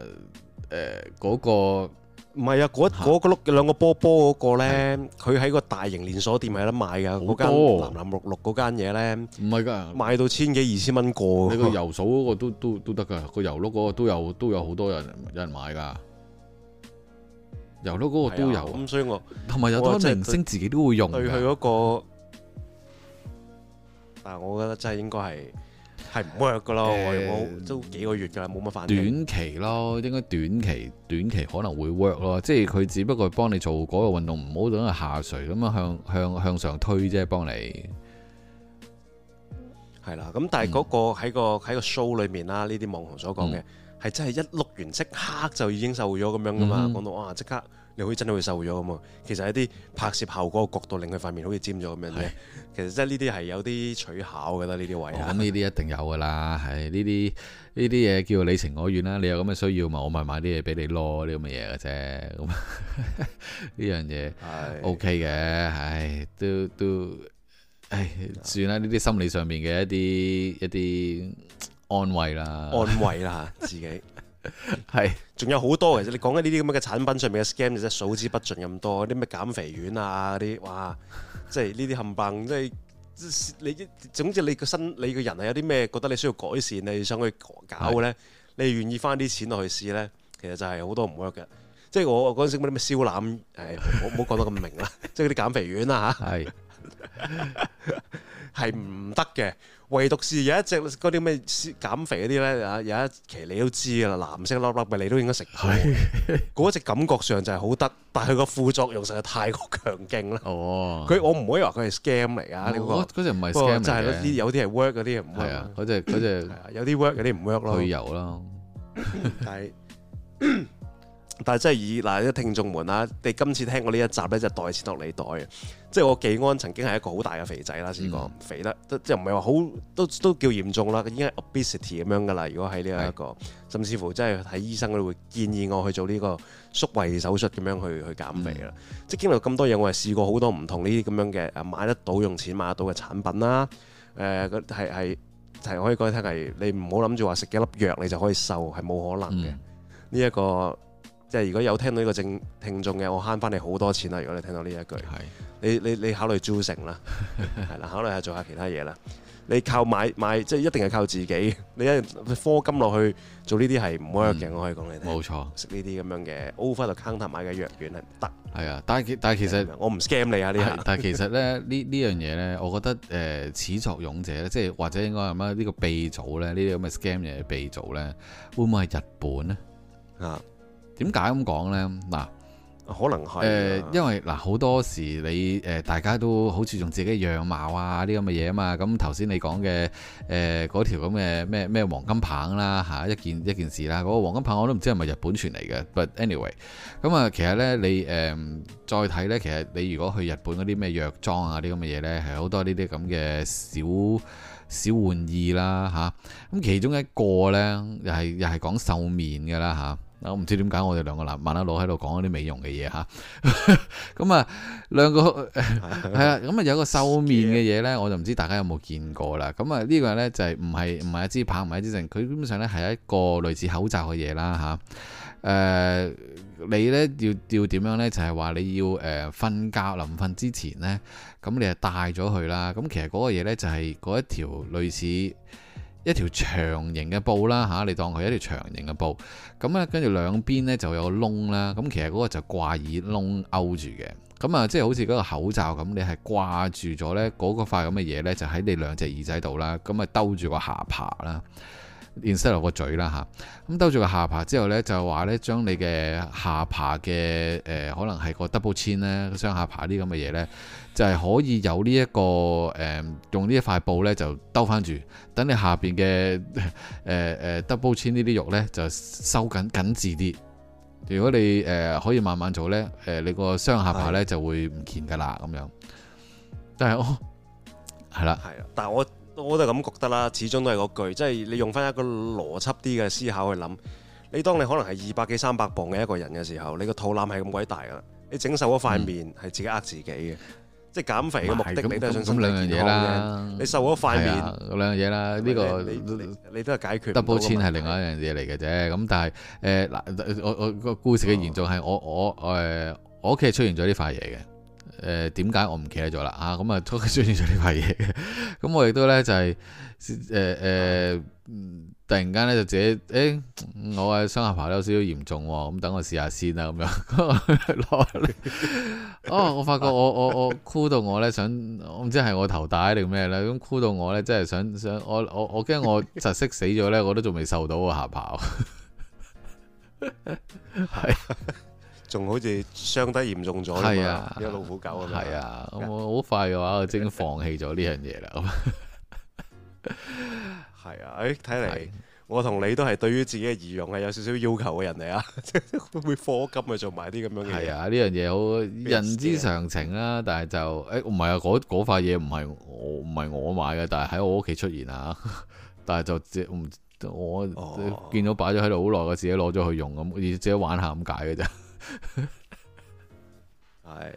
誒嗰個。唔係啊，嗰嗰、嗰個碌兩個波波嗰個咧，佢喺的個大型連鎖店有得賣嘅，嗰、啊、間藍藍綠綠嗰間嘢咧，唔係㗎，賣到千幾二千蚊個。你個油掃嗰個都都都得㗎，個油碌嗰個都有都有好多人有人買㗎，油碌嗰個都有。咁所以我同埋有啲明星自己都會用嘅。對佢嗰、嗰個，但係我覺得真係應該係。係 work 噶咯？我、呃、都幾個月噶，冇乜反應。短期咯，應該短期，短期可能會 work 咯。嗯、即係佢只不過幫你做嗰個運動，唔好等佢下垂，咁樣向向向上推啫，幫你。係啦，咁但係嗰、個喺、嗯個喺個 show 裏面啦，呢啲網紅所講嘅，係、嗯、真係一碌完即刻就已經瘦咗咁樣噶嘛，講、嗯、到哇即、啊、刻。你可以真係會瘦咗㗎嘛？其實一啲拍攝效果、個角度令佢塊面好似尖咗咁樣。是其實真係呢啲係有啲取巧噶啦，呢啲位。咁呢啲一定有噶啦 的、okay。唉，呢啲呢啲嘢叫你情我願啦。你有咁嘅需要嘛？我咪買啲嘢俾你囉，呢咁嘅嘢嘅啫。咁呢樣嘢 OK 嘅。唉，都都唉算啦。呢啲心理上面嘅一啲一啲安慰啦，安慰啦， 自己。係，仲是有好多其實 你講緊呢啲咁嘅產品上面嘅 scam，真係數之不盡咁多，啲咩減肥丸啊啲，哇，即係呢啲冚棒，即係你總之你個身你個人係有啲咩覺得你需要改善，你想去搞嘅咧，是你願意翻啲錢落去試咧，其實就係好多唔 work 嘅，即係我嗰陣時乜啲咩燒腩，誒、哎，唔好唔好講得咁明啦，即係嗰啲減肥丸啊吓，係係唔得嘅。 唯獨是有一隻嗰啲咩減肥嗰啲咧嚇，有一期你都知噶啦，藍色粒粒咪你都應該食佢嗰隻感覺上就係好得，但係佢個副作用實在太過強勁啦。哦，哦，佢我唔可以話佢係 scam 嚟啊！呢、那個嗰隻唔係 scam 嚟就係嗰啲有啲係 work 嗰啲，唔、那、係、個、 啊。嗰隻嗰隻係有啲 work，, work 有啲唔 work 咯。旅遊咯，但係但係真係以嗱啲聽眾們啦，你今次聽過呢一集咧，就袋、是、錢落你袋啊！即係我幾安曾經係一個好大嘅肥仔啦，試過肥得、嗯、即係唔係話好都都叫嚴重啦，已經係 obesity 咁樣噶啦。如果喺呢一個，是甚至乎即係睇醫生都會建議我去做呢個縮胃手術咁樣去去減肥啦。嗯、即係經歷咁多嘢，我係試過好多唔同呢啲咁樣嘅買得到用錢買得到嘅產品啦。誒、呃，係係係可以講得聽係你唔好諗住話食幾粒藥你就可以瘦，係冇可能嘅。呢一、嗯這個即係如果有聽到呢個正聽眾嘅，我慳翻你好多錢啦。如果你聽到呢一句，嗯你你你考慮做成啦，係啦，考慮下做下其他嘢啦。你靠買買，即係一定係靠自己。你一科金落去做呢啲係唔 work 嘅，我可以講你聽，冇錯，食呢啲咁樣嘅 over the counter 買嘅藥丸係得。係啊，但係其但係其實,其實我唔 scam 你啊呢樣，但係其實咧呢呢樣嘢咧，我覺得誒、呃、始作俑者咧，即係或者應該係乜、呢個、呢個鼻祖咧呢啲咁嘅 scam 嘢鼻祖咧，會唔會係日本咧、啊？啊，點解咁講咧？嗱。可能係誒、呃，因為嗱好、呃、多時你誒、呃、大家都好注重自己樣貌啊，呢咁嘅嘢啊嘛。咁頭先你講嘅誒嗰條咁嘅咩咩黃金棒啦嚇、啊，一件一件事啦。嗰、嗰個黃金棒我都唔知係咪日本傳嚟嘅，but anyway，咁啊其實咧你誒、呃、再睇咧，其實你如果去日本嗰啲咩藥妝啊啲咁嘅嘢咧，係好多呢啲咁嘅小小玩意啦嚇。咁、啊啊、其中一個咧又係又係講瘦面嘅啦嚇。啊我唔知點解我哋兩個男萬、嗯嗯、一攞喺度講嗰啲美容嘅嘢嚇，咁啊兩個係啊，咁啊有個瘦面嘅嘢呢，我就唔知大家有冇見過啦。咁啊呢個呢，就係唔係唔係一支棒，唔係一支神，佢基本上呢係一個類似口罩嘅嘢啦吓，誒、嗯、你呢要要點樣呢？就係、是、話你要誒瞓覺臨瞓之前呢，咁你就戴咗佢啦。咁其實嗰個嘢呢，就係嗰一條類似。一條長形嘅布啦嚇，你當佢一條長形嘅布，咁咧跟住兩邊呢就有個窿啦，咁其實嗰個就掛耳窿勾住嘅，咁啊即係好似嗰個口罩咁，你係掛住咗呢嗰個塊咁嘅嘢呢，就喺你兩隻耳仔度啦，咁咪兜住個下巴啦。insert 落個嘴啦吓，咁兜住個下巴之後咧，就話咧將你嘅下巴嘅誒、呃，可能係個 double chin 咧，雙下巴啲咁嘅嘢咧，就係、是、可以有呢、這、一個誒、呃，用呢一塊布咧就兜返住，等你下邊嘅誒誒 double chin 呢啲肉咧就收緊緊緻啲。如果你誒、呃、可以慢慢做咧，誒、呃、你個雙下巴咧的就會唔見㗎喇咁樣。但係我係啦，係、哦、啦，但係我。我都係咁覺得啦，始終都係嗰句，即係你用翻一個邏輯啲嘅思考去諗。你當你可能係二百幾三百磅嘅一個人嘅時候，你個肚腩係咁鬼大噶，你整瘦嗰塊面係自己呃自己嘅，即係減肥嘅目的你都係想身體健康嘅。咁兩樣嘢啦，你瘦嗰塊面，兩樣嘢啦。呢個你都係解決。Double chin 係另外一樣嘢嚟嘅啫。咁但係誒嗱，我我個故事嘅嚴重係我我誒我屋企出現咗呢塊嘢嘅。誒，點解我唔企得咗啦？啊，咁啊， 嗯、我都好中意着呢塊嘢嘅。咁我亦都咧就係誒誒，突然間咧就自己，誒、欸，我嘅雙下巴有少少嚴重喎。咁、嗯、等我試下先啦，咁樣。落嚟，哦、 啊，我發覺我我我，我箍到我咧想，我唔知係我頭大定咩咧。咁箍到我咧，真係想想，我我我驚我窒息死咗咧，我都仲未受到個下巴。 」係。仲好似傷得嚴重咗，啲、啊、老虎狗啊，係啊，我好快嘅話，我已經放棄咗呢樣嘢啦。係 啊，誒睇嚟，我同你都係對於自己嘅儀容係有少少要求嘅人嚟啊， 會課金去啊，做埋啲咁樣嘅嘢啊。呢樣嘢好人之常情啦，但係就誒唔係啊，嗰塊嘢唔係我唔係我買嘅，但係喺我屋企出現啊。但係就自唔、欸啊、我，我，我，我、哦、見到擺咗喺度好耐，我自己攞咗去用咁，自己玩下咁解嘅啫。係、 哎，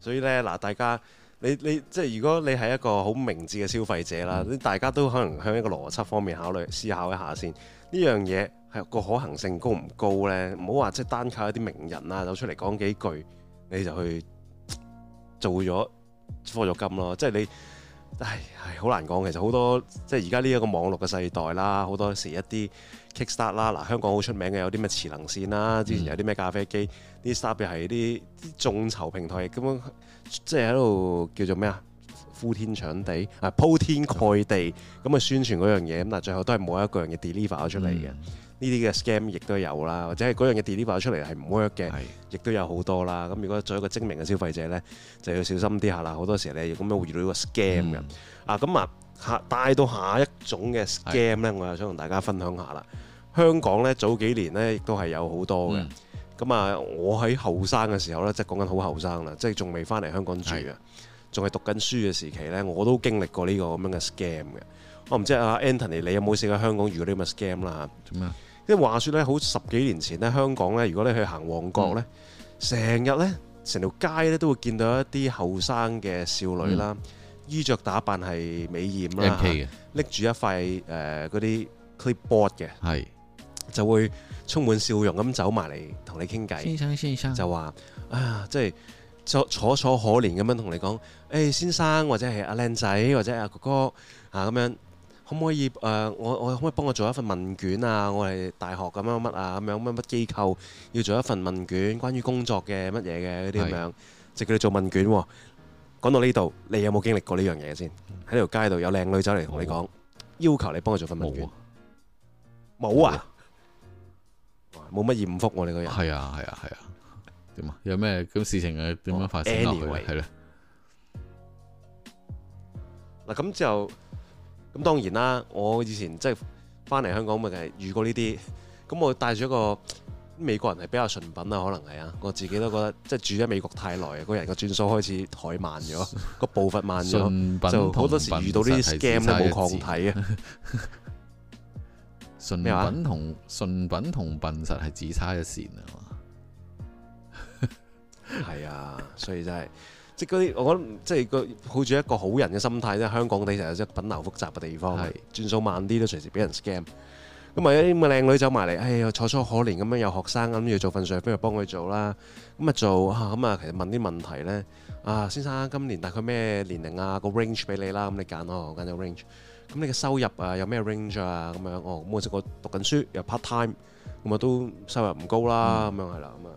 所以咧嗱，大家你你即係如果你係一個好明智嘅消費者啦，啲、嗯、大家都可能向一個邏輯方面考慮思考一下先，呢樣嘢係個可行性高唔高呢？唔好話即係單靠一啲名人啦，走出嚟講幾句你就去做咗科咗金咯，即係你。唉，好難講。其實好多即係而家呢一個網絡嘅世代啦，好多時一啲 Kickstart 啦，嗱香港好出名嘅有啲咩磁能線啦，嗯、之前有啲咩咖啡機，啲 start 又係啲眾籌平台，咁樣即係喺度叫做咩啊？呼天搶地啊，鋪天蓋地咁啊宣傳嗰樣嘢，咁但最後都係冇一個人嘅 deliver 咗出嚟嘅。嗯呢啲嘅 scam 亦都有啦，或者係嗰樣嘅 delivery 出嚟係唔 work 嘅，亦的都有好多啦。咁如果作為一個精明嘅消費者呢，就要小心啲下啦。好多時你咁樣會遇到呢個 scam 嘅。嗯、啊，咁啊，下帶到下一種嘅 scam 呢，的我又想同大家分享下啦。香港呢，早幾年呢亦都係有好多嘅。咁、嗯、啊，我喺後生嘅時候呢，即係講緊好後生啦，即係仲未翻嚟香港住啊，仲係的讀緊書嘅時期呢，我都經歷過呢個咁樣嘅 scam 嘅。我、啊、唔知阿 Anthony 你有冇試過香港遇到啲咁嘅 scam 啦？做咩？即係話說咧，好十幾年前咧，香港咧，如果你去行旺角咧，成、嗯、日咧，成條街咧，都會見到一啲後生嘅少女啦，嗯、衣着打扮係美豔啦，拎住的、啊、一塊誒嗰啲 clipboard 嘅，係、呃、是就會充滿笑容咁走埋嚟同你傾偈，先生、啊就是哎、先生，就話啊，啊，啊，即係楚楚可憐咁樣同你講，誒先生或者係阿靚仔或者阿哥哥啊，咁樣。可唔可以誒、呃？我我可唔可以幫我做一份問卷啊？我係大學咁樣乜啊？咁樣乜乜機構要做一份問卷，關於工作嘅乜嘢嘅嗰啲咁樣，就叫你做問卷、啊。講到呢度，你有冇經歷過呢樣嘢先？喺條街度有靚女走嚟同你講、哦，要求你幫我做份問卷。冇啊，冇乜艷福，啊啊、你個人係啊係啊係啊，點啊？啊啊啊有咩咁事情嘅點樣發展落去？係啦、anyway。嗱，咁之後。咁當然啦，我以前即係翻嚟香港咪就係遇過呢啲，咁我帶住一個美國人係比較純品啦，可能係啊，我自己都覺得即係住喺美國太耐，個人個轉數開始怠慢咗，個步伐慢咗，就好多時遇到呢啲 scam 都冇抗體啊。純品同純品同笨實係只差一線啊嘛。係 啊，所以真係。即嗰啲，我覺得即係個抱住一個好人嘅心態啫。香港地成日即品流複雜嘅地方，轉數慢啲都隨時俾人 scam。咁咪有啲咁嘅靚女走埋嚟，哎呀，楚楚可憐咁樣，有學生咁要做份嘢，不如幫佢做啦。咁啊做啊，咁啊其實問啲問題咧，啊先生，今年大概咩年齡啊？個 range 俾你啦，咁你揀咯，揀咗 range。咁你嘅收入啊，有咩 range 啊？咁樣哦，咁我識個讀緊書，又 part time，咁啊都收入唔高啦，咁樣係啦，咁啊。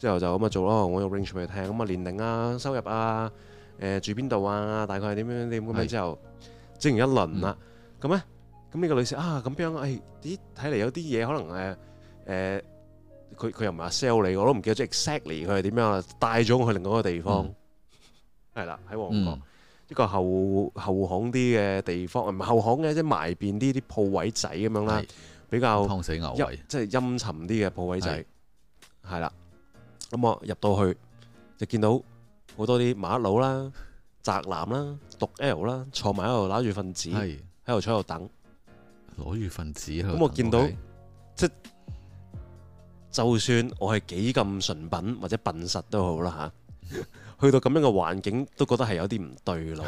之後就咁啊做咯。我用 range 去聽咁啊，年齡啊、收入啊、誒住邊度啊，大概係點點點咁樣之後，整完一輪啦。咁咧，咁呢個女士啊，咁樣誒咦，睇嚟有啲嘢可能誒誒，佢佢又唔係 sell 你，我都唔記得 exactly 佢係點樣帶咗我去另外一個地方係啦。喺旺角一個後後巷啲嘅地方，唔係後巷嘅即埋邊啲啲鋪位仔咁樣啦，比較即係陰沉啲嘅鋪位仔係啦。咁、嗯、我入到去就見到好多啲馬路啦、宅男啦、毒 L 啦是，坐埋喺度拿住份紙，喺度坐喺度等，攞住份紙。咁我見到即就算我係幾咁純品或者笨實都好啦吓、啊，去到咁樣嘅環境都覺得係有啲唔對咯。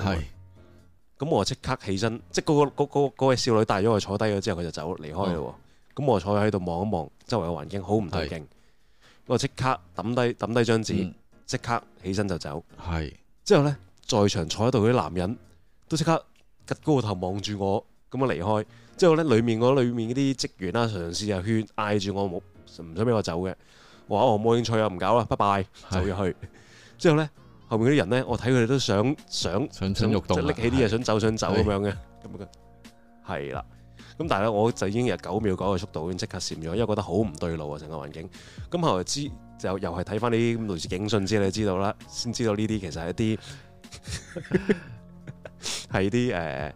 咁我即刻起身，即係嗰、嗰個嗰位、嗰個嗰個嗰個嗰個、少女帶咗我坐低咗之後，佢就走離開啦。咁、嗯嗯、我坐喺度望一望周圍嘅環境是，好唔對勁。我即刻抌低抌低張紙，即、嗯、刻起身就走。係是之後呢，在場坐喺度嗰啲男人，都即刻吉高個頭望住我，咁樣離開。之後呢，裏面嗰裏面啲職員啦，嘗試就勸嗌住我冇唔想俾我走嘅。我話我冇興趣啊，唔搞啦，拜拜，走入去。是之後呢，後面嗰啲人呢，我睇佢哋都想想想蠢蠢欲動，即拎起啲嘢是想走想走咁樣嘅。咁啊，係啦是。咁但係咧，我就已經由九秒九嘅速度，已經即刻閃咗，因為覺得好唔對路啊，成個環境。咁後來知就又係睇翻啲類似警訊之類，你知道啦，先知道呢啲其實係一啲係啲誒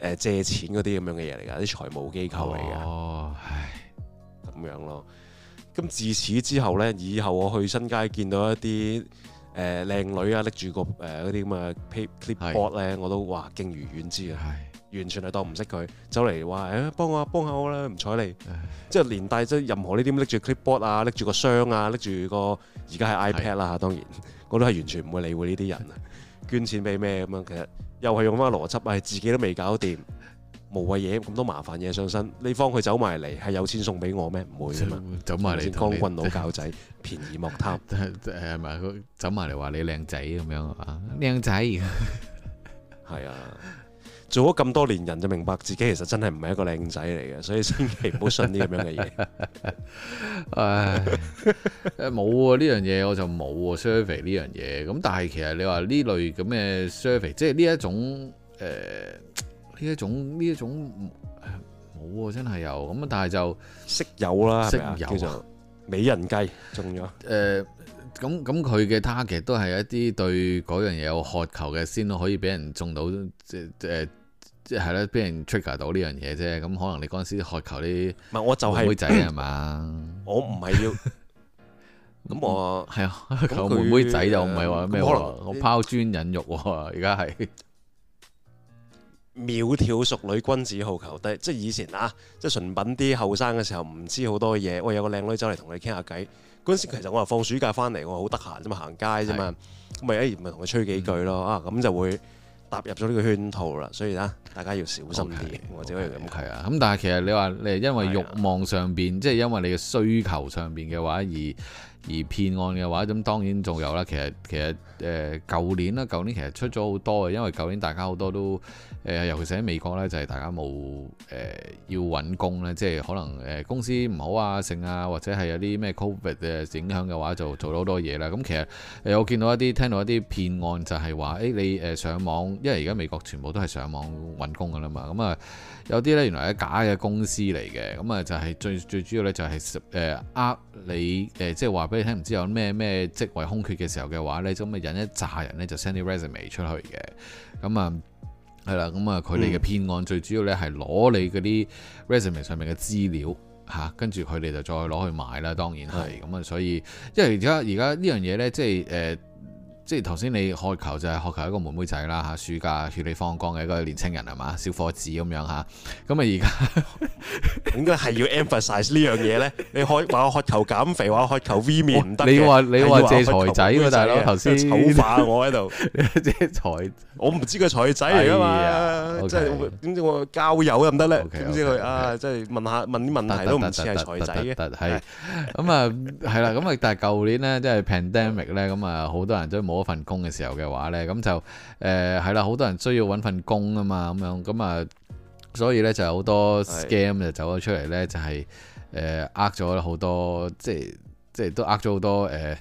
誒借錢嗰啲咁樣嘅嘢嚟噶，啲財務機構嚟噶。哦，咁樣咯。咁自此之後咧，以後我去新街見到一啲誒靚女啊，拎住個誒嗰啲咁嘅 clip board 咧，的我都話敬而遠之嘅。完全係當唔識佢，走嚟，話誒，幫我幫下我啦，唔睬你。即係連帶任何呢啲拎住 clipboard 啊，拎住個箱啊，拎住個而家係 iPad 啦。當然，我都係完全唔會理會呢啲人啊，捐錢俾咩咁樣？其實又係用翻邏輯，係自己都未搞掂，無謂嘢咁多麻煩嘢上身。你幫佢走埋嚟，係有錢送俾我咩？唔會，走埋嚟，光棍佬教仔，便宜莫貪。誒誒，埋走埋嚟話你靚仔咁樣啊，靚仔。係啊。做咗咁多年人就明白自己其實真係唔係一個靚仔嚟嘅，所以千祈唔好信啲咁樣嘅嘢。誒，冇喎！呢樣嘢我就冇喎。survey 呢樣嘢，咁但係其實你話呢類咁嘅 survey，即係呢一種誒，呢一種呢一種冇喎，真係有咁啊！但係就色誘啦，色誘叫做美人計中咗。誒，咁咁佢嘅 target 其實都係一啲對嗰樣嘢有渴求嘅先可以俾人中到，即係誒。即係咧，俾人 trigger 到呢樣嘢啫。咁可能你嗰陣時渴求啲，唔係我就係妹妹仔係嘛。我唔係要咁 我係啊， 求妹妹仔就唔係話咩可能我拋磚引玉喎，而家係窈窕淑女君子好逑低。即係以前啊，即係純品啲後生嘅時候，唔知好多嘢。喂，有個靚女走嚟同你傾下偈。嗰陣時其實我話放暑假翻嚟，我好得閒，啫嘛，行街啫嘛。咁咪一唔係同佢吹幾句咯啊，咁 就會。踏入咗呢個圈套啦，所以啊，大家要小心啲，okay, okay, 或者係咁。係啊、嗯，咁但係其實你話你係因為欲望上邊，的即係因為你嘅需求上邊嘅話而。而騙案嘅話，咁當然仲有啦。其實其實誒舊、呃、年啦，舊年其實出咗好多嘅，因為舊年大家好多都誒、呃，尤其是喺美國呢，就係、是、大家冇誒、呃、要揾工呢。即係可能誒、呃、公司唔好啊，剩啊，或者係有啲咩 COVID 嘅影響嘅話，就做咗好多嘢啦。咁、嗯、其實誒、呃、我見到一啲聽到一啲騙案就，就係話誒你誒、呃、上網，因為而家美國全部都係上網揾工噶啦嘛，咁、嗯、啊。嗯。有啲呢，原來係假嘅公司嚟嘅，咁、嗯、啊就係、係、最最主要、就係呃呃、呢，就係誒呃你誒，即係話俾你聽，唔知有咩咩職位空缺嘅時候嘅話呢，咁啊引一紮人呢，就 send 啲 resume 出去嘅，咁啊係啦，咁啊佢哋嘅騙案最主要呢係攞你嗰啲 resume 上面嘅資料嚇，跟住佢哋就再攞去賣啦，當然係咁啊，所以因為而家而家呢樣嘢呢，即係誒。呃即係頭先你渴求就係渴求一個妹妹仔啦，嚇，暑假血氣方剛嘅一個年青人係嘛，小伙子咁樣吓，咁啊而家應該係要 emphasize 呢樣嘢咧？你開話渴求減肥，話渴求 V 面唔得，你話你話借財仔喎，大佬頭先醜化我喺度，借係財，我唔知佢財仔嚟噶嘛，即係點知我交友又唔得咧？點知佢啊，即係問下問啲問題都唔似係財仔嘅，係咁啊，係啦，咁啊，但係舊年咧即係 pandemic 咧，咁啊，好多人都冇。份工嘅時候嘅話呢，咁就誒係啦，好、呃、多人需要揾份工啊嘛，咁樣咁啊，所以呢是的、就是，就好多 scam 就走咗出嚟呢，就係誒呃咗好多，即係即係都呃咗好多誒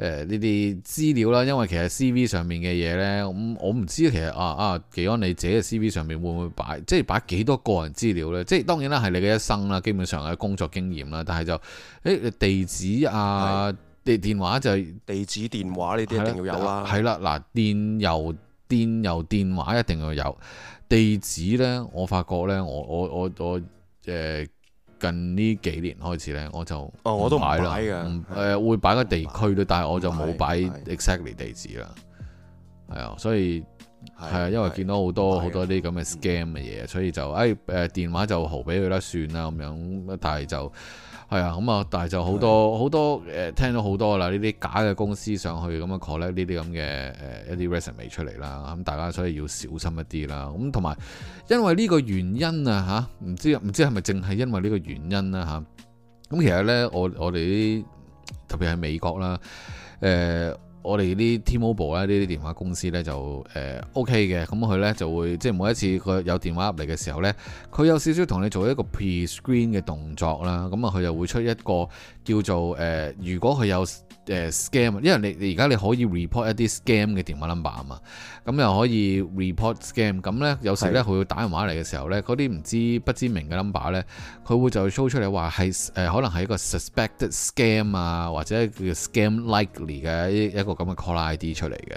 誒呢啲資料啦。因為其實 CV 上面嘅嘢呢，咁、嗯、我唔知其實啊啊，紀、啊、安你自己嘅 CV 上面會唔會擺，即係擺幾多個人資料呢？即係當然啦，係你嘅一生啦，基本上係工作經驗啦，但係就誒、欸、地址啊。地電話就係、是、地址電話，呢啲一定要有啦。係啦，嗱，電郵、電郵、電話一定要有。地址呢，我發覺呢，我我我我誒、呃、近呢幾年開始呢，我就買、哦、我都擺啦，誒、呃、會擺個地區買但係我就冇擺 exactly 地址啦。係啊買，所以係啊，的因為見到好多好的多啲咁嘅 scam 嘅嘢，所以就誒誒、哎呃、電話就號俾佢啦，算啦咁樣，但係就。係啊，咁啊，但係就好多好的多誒、呃，聽到好多啦，呢啲假嘅公司上去咁樣 call 呢啲咁嘅誒一啲 recent 出嚟啦，咁大家所以要小心一啲啦。咁同埋因為呢個原因啊，吓唔知唔知係咪淨係因為呢個原因啦吓？咁、啊嗯、其實呢，我我哋啲特別係美國啦，誒、呃。我哋啲 T-Mobile 咧，呢啲電話公司呢就誒、呃、OK 嘅，咁、嗯、佢呢就會即係每一次佢有電話入嚟嘅時候呢，佢有少少同你做一個 pre-screen 嘅動作啦，咁啊佢就會出一個。叫做誒、呃，如果佢有誒、呃、scam，因為你你而家你可以 report 一啲 scam 嘅電話 number 啊嘛，咁又可以 report scam，咁咧有時咧佢的會打電話嚟嘅時候咧，嗰啲唔知不知名嘅 number 咧，佢會就 show 出嚟話係誒可能係一個 suspected scam 啊，或者叫 scam likely 嘅一一個咁嘅 call ID 出嚟嘅。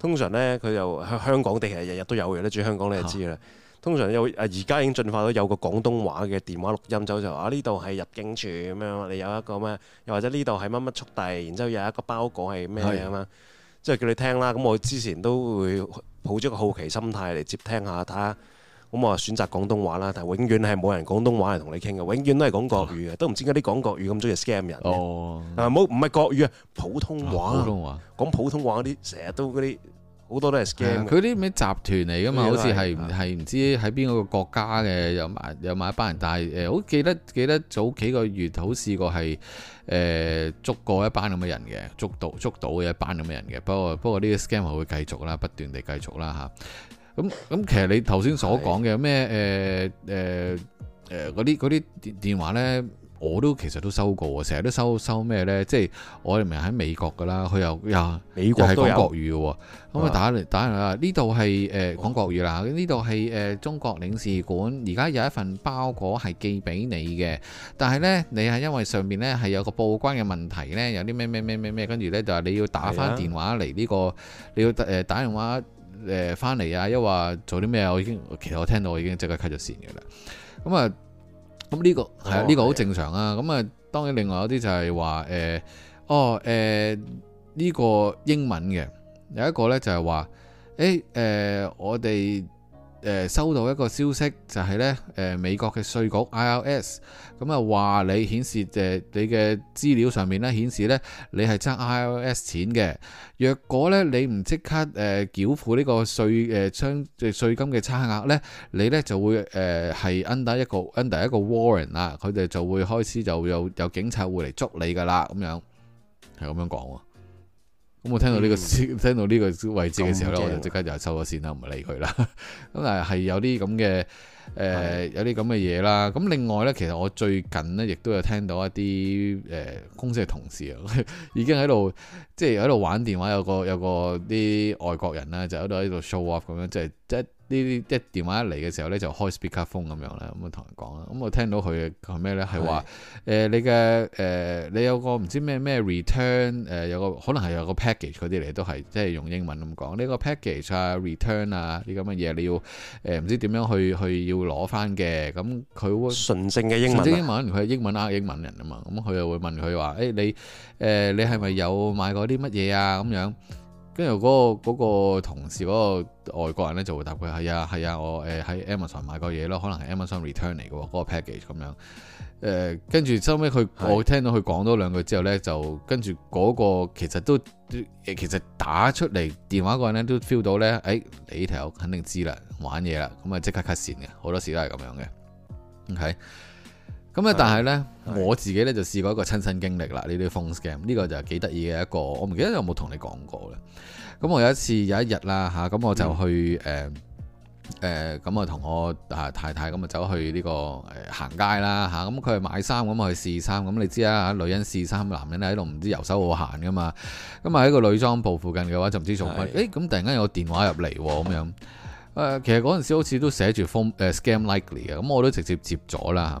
通常呢，佢就香港地係日日都有嘅咧，住香港你就知啦。通常有，而家已經進化到有個廣東話嘅電話錄音，就話呢度係入境處咁樣，你有一個咩？又或者呢度係乜乜速遞，然之後有一個包裹係咩啊嘛？即係叫你聽啦。咁我之前都會抱咗個好奇心態嚟接聽下睇下。咁我選擇廣東話啦，但永遠係冇人廣東話嚟同你傾嘅，永遠都係講國語嘅，都唔知嗰啲講國語咁中意 scam 人。冇唔係國語啊，普通話，普通話講普通話嗰啲，成日都嗰啲。好多都係 scam，佢啲咩集團嚟㗎嘛？的好似係係唔知喺邊一個國家嘅，有買有買一班人，但係誒好記得記得早幾個月好似過係誒、呃、捉過一班咁嘅人嘅，捉到捉到嘅一班咁嘅人嘅。不過不過呢個 scam 係會繼續啦，不斷地繼續啦嚇。咁、啊、咁其實你頭先所講嘅咩誒誒誒嗰啲嗰啲電話咧？我都其實都收過，成日都收收咩呢？即係我哋咪喺美國㗎啦，佢又又美國係講國語嘅喎。咁啊有，打嚟打嚟啊，呢度係誒講國語啦。呢度係誒中國領事館。而家有一份包裹係寄俾你嘅，但係呢，你係因為上面呢係有個報關嘅問題咩咩咩咩呢，有啲咩咩咩咩咩，跟住呢，就話你要打返電話嚟呢、呢個，你要誒打電話誒返嚟啊，又、呃、話做啲咩？我已經其實我聽到，我已經即刻 cut 咗線嘅啦。咁啊～、呃咁呢、這個係啊，呢、哦、個好正常啊。咁啊，當然另外有啲就係話誒，哦誒呢、呃這個英文嘅有一個咧就係話，誒誒、呃、我哋。誒收到一個消息就係、是、咧，誒、呃、美國嘅稅局 IRS 咁啊話你顯示誒、呃、你嘅資料上面咧顯示咧你係爭 IRS 錢嘅，若果咧你唔即刻誒繳、呃、付呢個稅誒將稅金嘅差額咧，你呢就會誒係、呃、under 一個 under 一個 warrant 啦，佢哋就會開始就有有警察會嚟捉你噶啦，咁樣係咁樣講喎。咁我聽到呢、呢個、嗯、聽到呢個位置嘅時候呢，我就即刻就收咗線、 呃、的啦，唔理佢啦。咁但係係有啲咁嘅誒，有啲咁嘅嘢啦。咁另外呢，其實我最近呢，亦都有聽到一啲誒、呃、公司嘅同事啊， 已經喺度即係喺度玩電話，有個有個啲外國人咧，就喺度喺度 show up 咁樣即係。即係即係呢啲即係電話一嚟嘅時候咧，就開 speakerphone 咁樣啦。咁啊同人講啦。咁、嗯、我聽到佢係咩咧？係話誒你嘅誒、呃、你有個唔知咩咩 return 誒、呃、有個可能係有個 package 嗰啲嚟，都係即係用英文咁講。呢個 package 啊，return 啊，呢啲咁嘅嘢你要誒唔、呃、知點樣去去要攞翻嘅。咁佢會純正嘅英文，啊、英文，純正英文佢係英文呃，欺欺英文人啊嘛。咁佢又會問佢話誒你誒、呃、你係咪有買過啲乜嘢啊咁樣？因為嗰個嗰個同事嗰個外國人咧就會答佢係啊係啊，我誒喺 Amazon 買過嘢咯，可能係 Amazon return 嚟嘅喎，嗰個 package 咁樣。誒、呃，跟住收尾佢，是我聽到佢講多兩句之後咧，就跟住嗰個其實都，其實打出嚟電話嗰人咧都 feel 到咧，誒、欸、你呢條友肯定知啦，玩嘢啦，咁啊即刻 cut 線嘅，好多時都係咁樣嘅，OK。咁咧，但係咧，的我自己咧就試過一個親身經歷啦。呢啲 phone scam 呢個就係幾得意嘅一個。我唔記得有冇同你講過啦。咁我一有一次有一日啦，嚇、啊、咁我就去誒誒咁啊，同我啊太太咁啊走去呢個誒行街啦，嚇咁佢係買衫，咁我去試衫。咁你知啦、啊、女人試衫，男人喺度唔知遊手好閒噶嘛。咁啊喺個女裝部附近嘅話就唔知做乜誒。咁的突然間有個電話入嚟喎，咁樣誒、啊，其實嗰陣時好似都寫住 phone scam likely 嘅。咁我都直接接咗啦。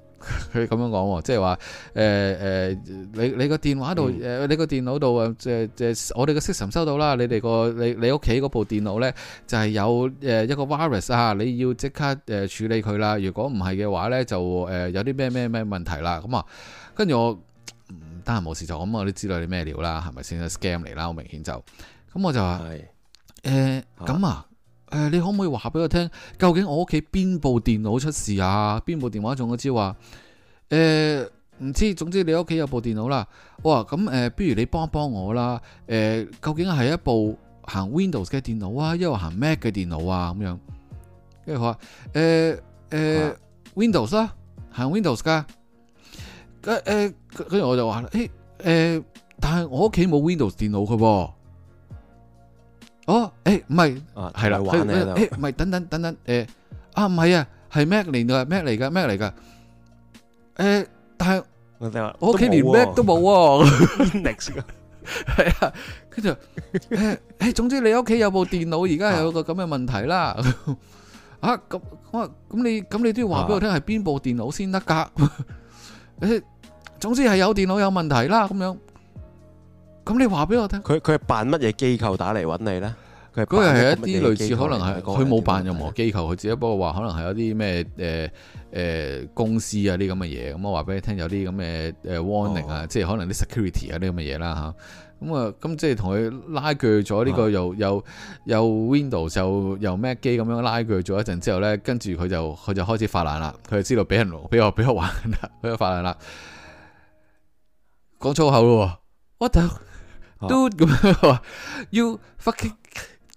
佢咁樣講，即係話，誒、呃、誒、呃，你你個電話度，誒、呃、你個電腦度啊，即係即係我哋個 system 收到啦，你哋個你你屋企嗰部電腦咧就係、是、有誒、呃、一個 virus 啊，你要即刻誒處理佢啦，如果唔係嘅話咧就誒、呃、有啲咩咩咩問題啦，咁啊，跟住我，得閒冇事就咁我都知道你咩料啦，係咪先啊 scam 嚟啦，好明顯就，咁我就話，誒咁是、呃、啊。誒，你可唔可以話俾我聽，究竟我屋企邊部電腦出事啊？邊部電話中咗招啊？誒、呃，唔知，總之你屋企有部電腦啦。哇，話咁誒，不、呃、如你幫一幫我啦。誒、呃，究竟係一部行 Windows 嘅電腦啊，一係行 Mac 嘅電腦啊咁樣。跟住我話，誒、呃、誒、呃啊、Windows 啊，行 Windows 噶。誒跟住我就話，誒、欸、誒、呃，但係我屋企冇 Windows 電腦嘅喎。哦，誒，唔係，係啦，誒，唔係，等等等等，誒，啊，唔係啊，係 Mac 嚟噶，Mac 嚟噶，Mac 嚟噶，誒，但係我屋企連 Mac 都冇喎，Next，係啊，跟住誒，誒，總之你屋企有部電腦而家有個咁嘅問題啦，啊，咁我咁你咁你都要話俾我聽係邊部電腦先得噶，誒，總之係有電腦有問題啦，咁樣。咁你話俾我聽，佢佢係扮乜嘢機構打嚟揾你呢？佢嗰個係一啲類似，可能係佢冇扮任何機構，佢只不過話可能係一啲咩誒誒公司啊啲咁嘅嘢。咁我話俾你聽，有啲咁嘅誒 warning、哦、啊，即係可能啲 security 啊啲咁嘅嘢啦吓。咁啊，咁、啊、即係同佢拉鋸咗呢個又又又 window 就又咩 Mac 機咁樣拉鋸咗一陣之後呢，跟住佢就佢就開始發爛啦。佢就知道俾人俾我俾我玩啦，俾我發爛啦。講粗口咯 w Dude，都咁樣話，you fucking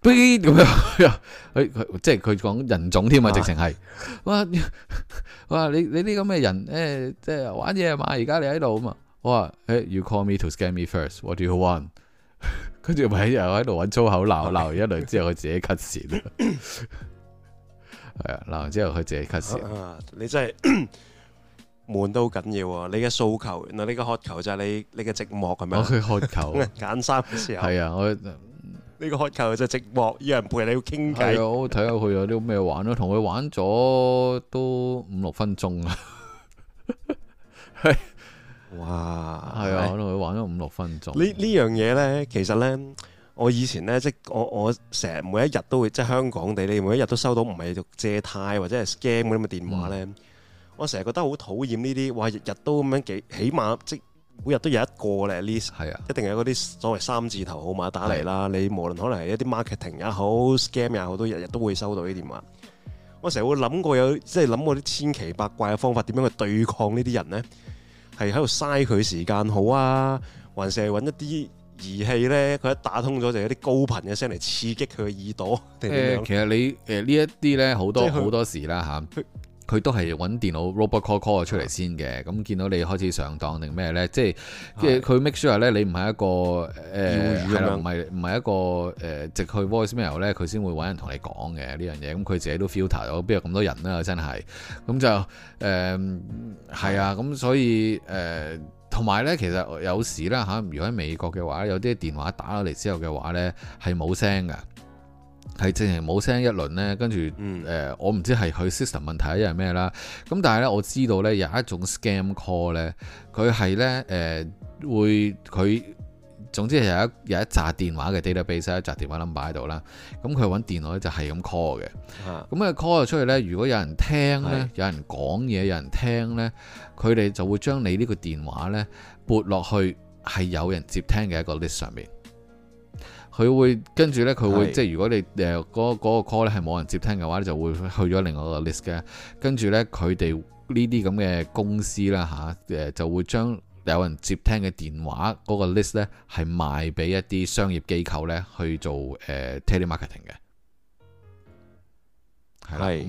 b 逼咁樣，佢 佢即係佢講人種添啊，直情係，哇哇你你啲咁嘅人誒、欸，即係玩嘢嘛，而家你喺度啊嘛，哇，誒，you call me to scam me first，what do you want？跟住咪又喺度揾粗口鬧，鬧完 一輪之後佢自己 cut 線啦，係 啊、嗯，鬧完之後佢自己 cut 線。 你真係。 悶都好緊要啊！你嘅訴求，原來你嘅渴求就係你，你嘅寂寞係咪啊？我嘅渴求，揀衫嘅時候係啊！我呢個渴求就係寂寞，有人陪你傾偈。我睇下佢有啲咩玩咯，同佢玩咗都五六分鐘啊！哇，係啊，可能佢玩咗五六分鐘。呢呢樣嘢咧，其實咧，我以前咧，即係我我成日每一日都會，即係香港地，你每一日都收到唔係借貸或者係 scam 咁嘅電話咧。我成日覺得好討厭呢啲，哇！日日都咁樣幾，起碼即每日都有一個咧 at least、啊、一定有嗰啲所謂三字頭號碼打嚟啦。啊、你無論可能係一啲 marketing 也好，scam 也好，都日日都會收到呢啲電話。我成日會諗過有，即係諗過啲千奇百怪嘅方法，點樣去對抗呢啲人呢？係喺度嘥佢時間好啊，還是係揾一啲儀器呢？佢一打通咗就有一啲高頻嘅聲嚟刺激佢嘅耳朵。誒、欸，其實你誒呢一啲呢，好多好多時啦嚇，佢都係揾電腦 robot call call 出嚟先嘅，咁、啊、見到你開始上當定咩呢？即係，即係佢 make sure 咧，你唔係一個誒，唔係唔係一個誒，呃、直去 voice mail 呢，佢先會揾人同你講嘅呢樣嘢。咁佢、嗯、自己都 filter 咗，邊有咁多人咧、啊？真係，咁就誒係、呃、啊。咁、啊、所以誒，同、呃、埋呢，其實有時啦嚇、啊，如果喺美國嘅話，有啲電話打落嚟之後嘅話呢，係冇聲㗎。係淨係冇聲一輪咧，跟住誒，我唔知係佢 system 問題啊，定係咩啦？咁但係咧，我知道咧有一種 scam call 咧，佢係咧誒會佢總之係有一有一扎電話嘅 database，一扎電話 number 喺度啦。咁佢揾電腦咧就係咁 call 嘅。咁啊 call 咗出去咧，如果有人聽咧，的有人講嘢，有人聽咧，佢哋就會將你呢個電話咧撥落去係有人接聽嘅一個 list 上面。佢會跟住呢，佢會是即係如果你誒嗰、嗰個 call 呢係冇人接聽嘅話，就會去咗另外一個 list 嘅。跟住呢，佢哋呢啲咁嘅公司啦嚇誒，就會將有人接聽嘅電話嗰、嗰個 list 呢係賣俾一啲商業機構呢去做誒 telemarketing 嘅。係咁誒，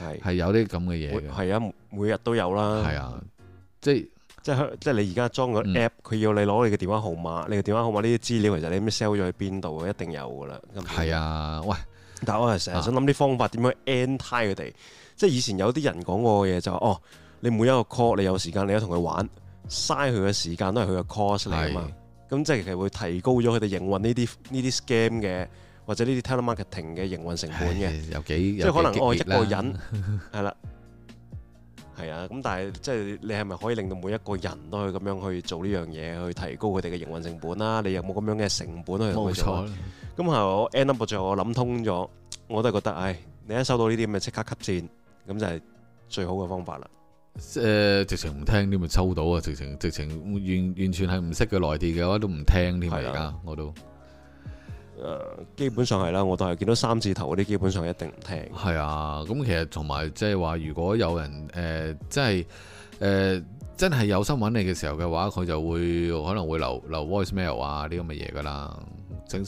係係有啲咁嘅嘢。係啊，每，每日都有啦。係啊，即係。即係即係你而家裝個 app，佢要你攞你嘅電話號碼，嗯、你嘅電話號碼呢啲資料其實你咁 sell 咗去邊度，一定有噶啦。係啊，喂！但我係成日想諗啲方法點樣 anti 佢哋。啊、即係以前有啲人講過嘅嘢就係、是、哦，你每一個 call 你有時間，你都同佢玩，嘥佢嘅時間都係佢嘅 cost 嚟啊嘛。咁是即係其實會提高咗佢哋營運呢啲呢啲 scam 嘅，或者呢啲 telemarketing 嘅營運成本嘅。有幾即係是 可能我一個人係啦。 係啊，咁、嗯、但係即係你係咪可以令到每一個人都去咁樣去做呢樣嘢，去提高佢哋嘅營運成本啦、啊？你有冇咁樣嘅成本去？冇錯啦。咁係我 end up 最後我諗通咗，我都係覺得，唉，你一收到呢啲咁嘅，即刻 cut 線，咁就係最好嘅方法啦。誒、呃，直情唔聽添咪收到啊！直情直情完完全係唔識嘅來電嘅話都唔聽添啊！而家我都。誒基本上係啦，我當係見到三字頭嗰啲，基本上一定唔聽。係啊，咁其實同埋即係話，如果有人誒即係誒真係、呃、有心揾你嘅時候嘅話，佢就會可能會留留 voice mail 啊啲咁嘅嘢噶啦，整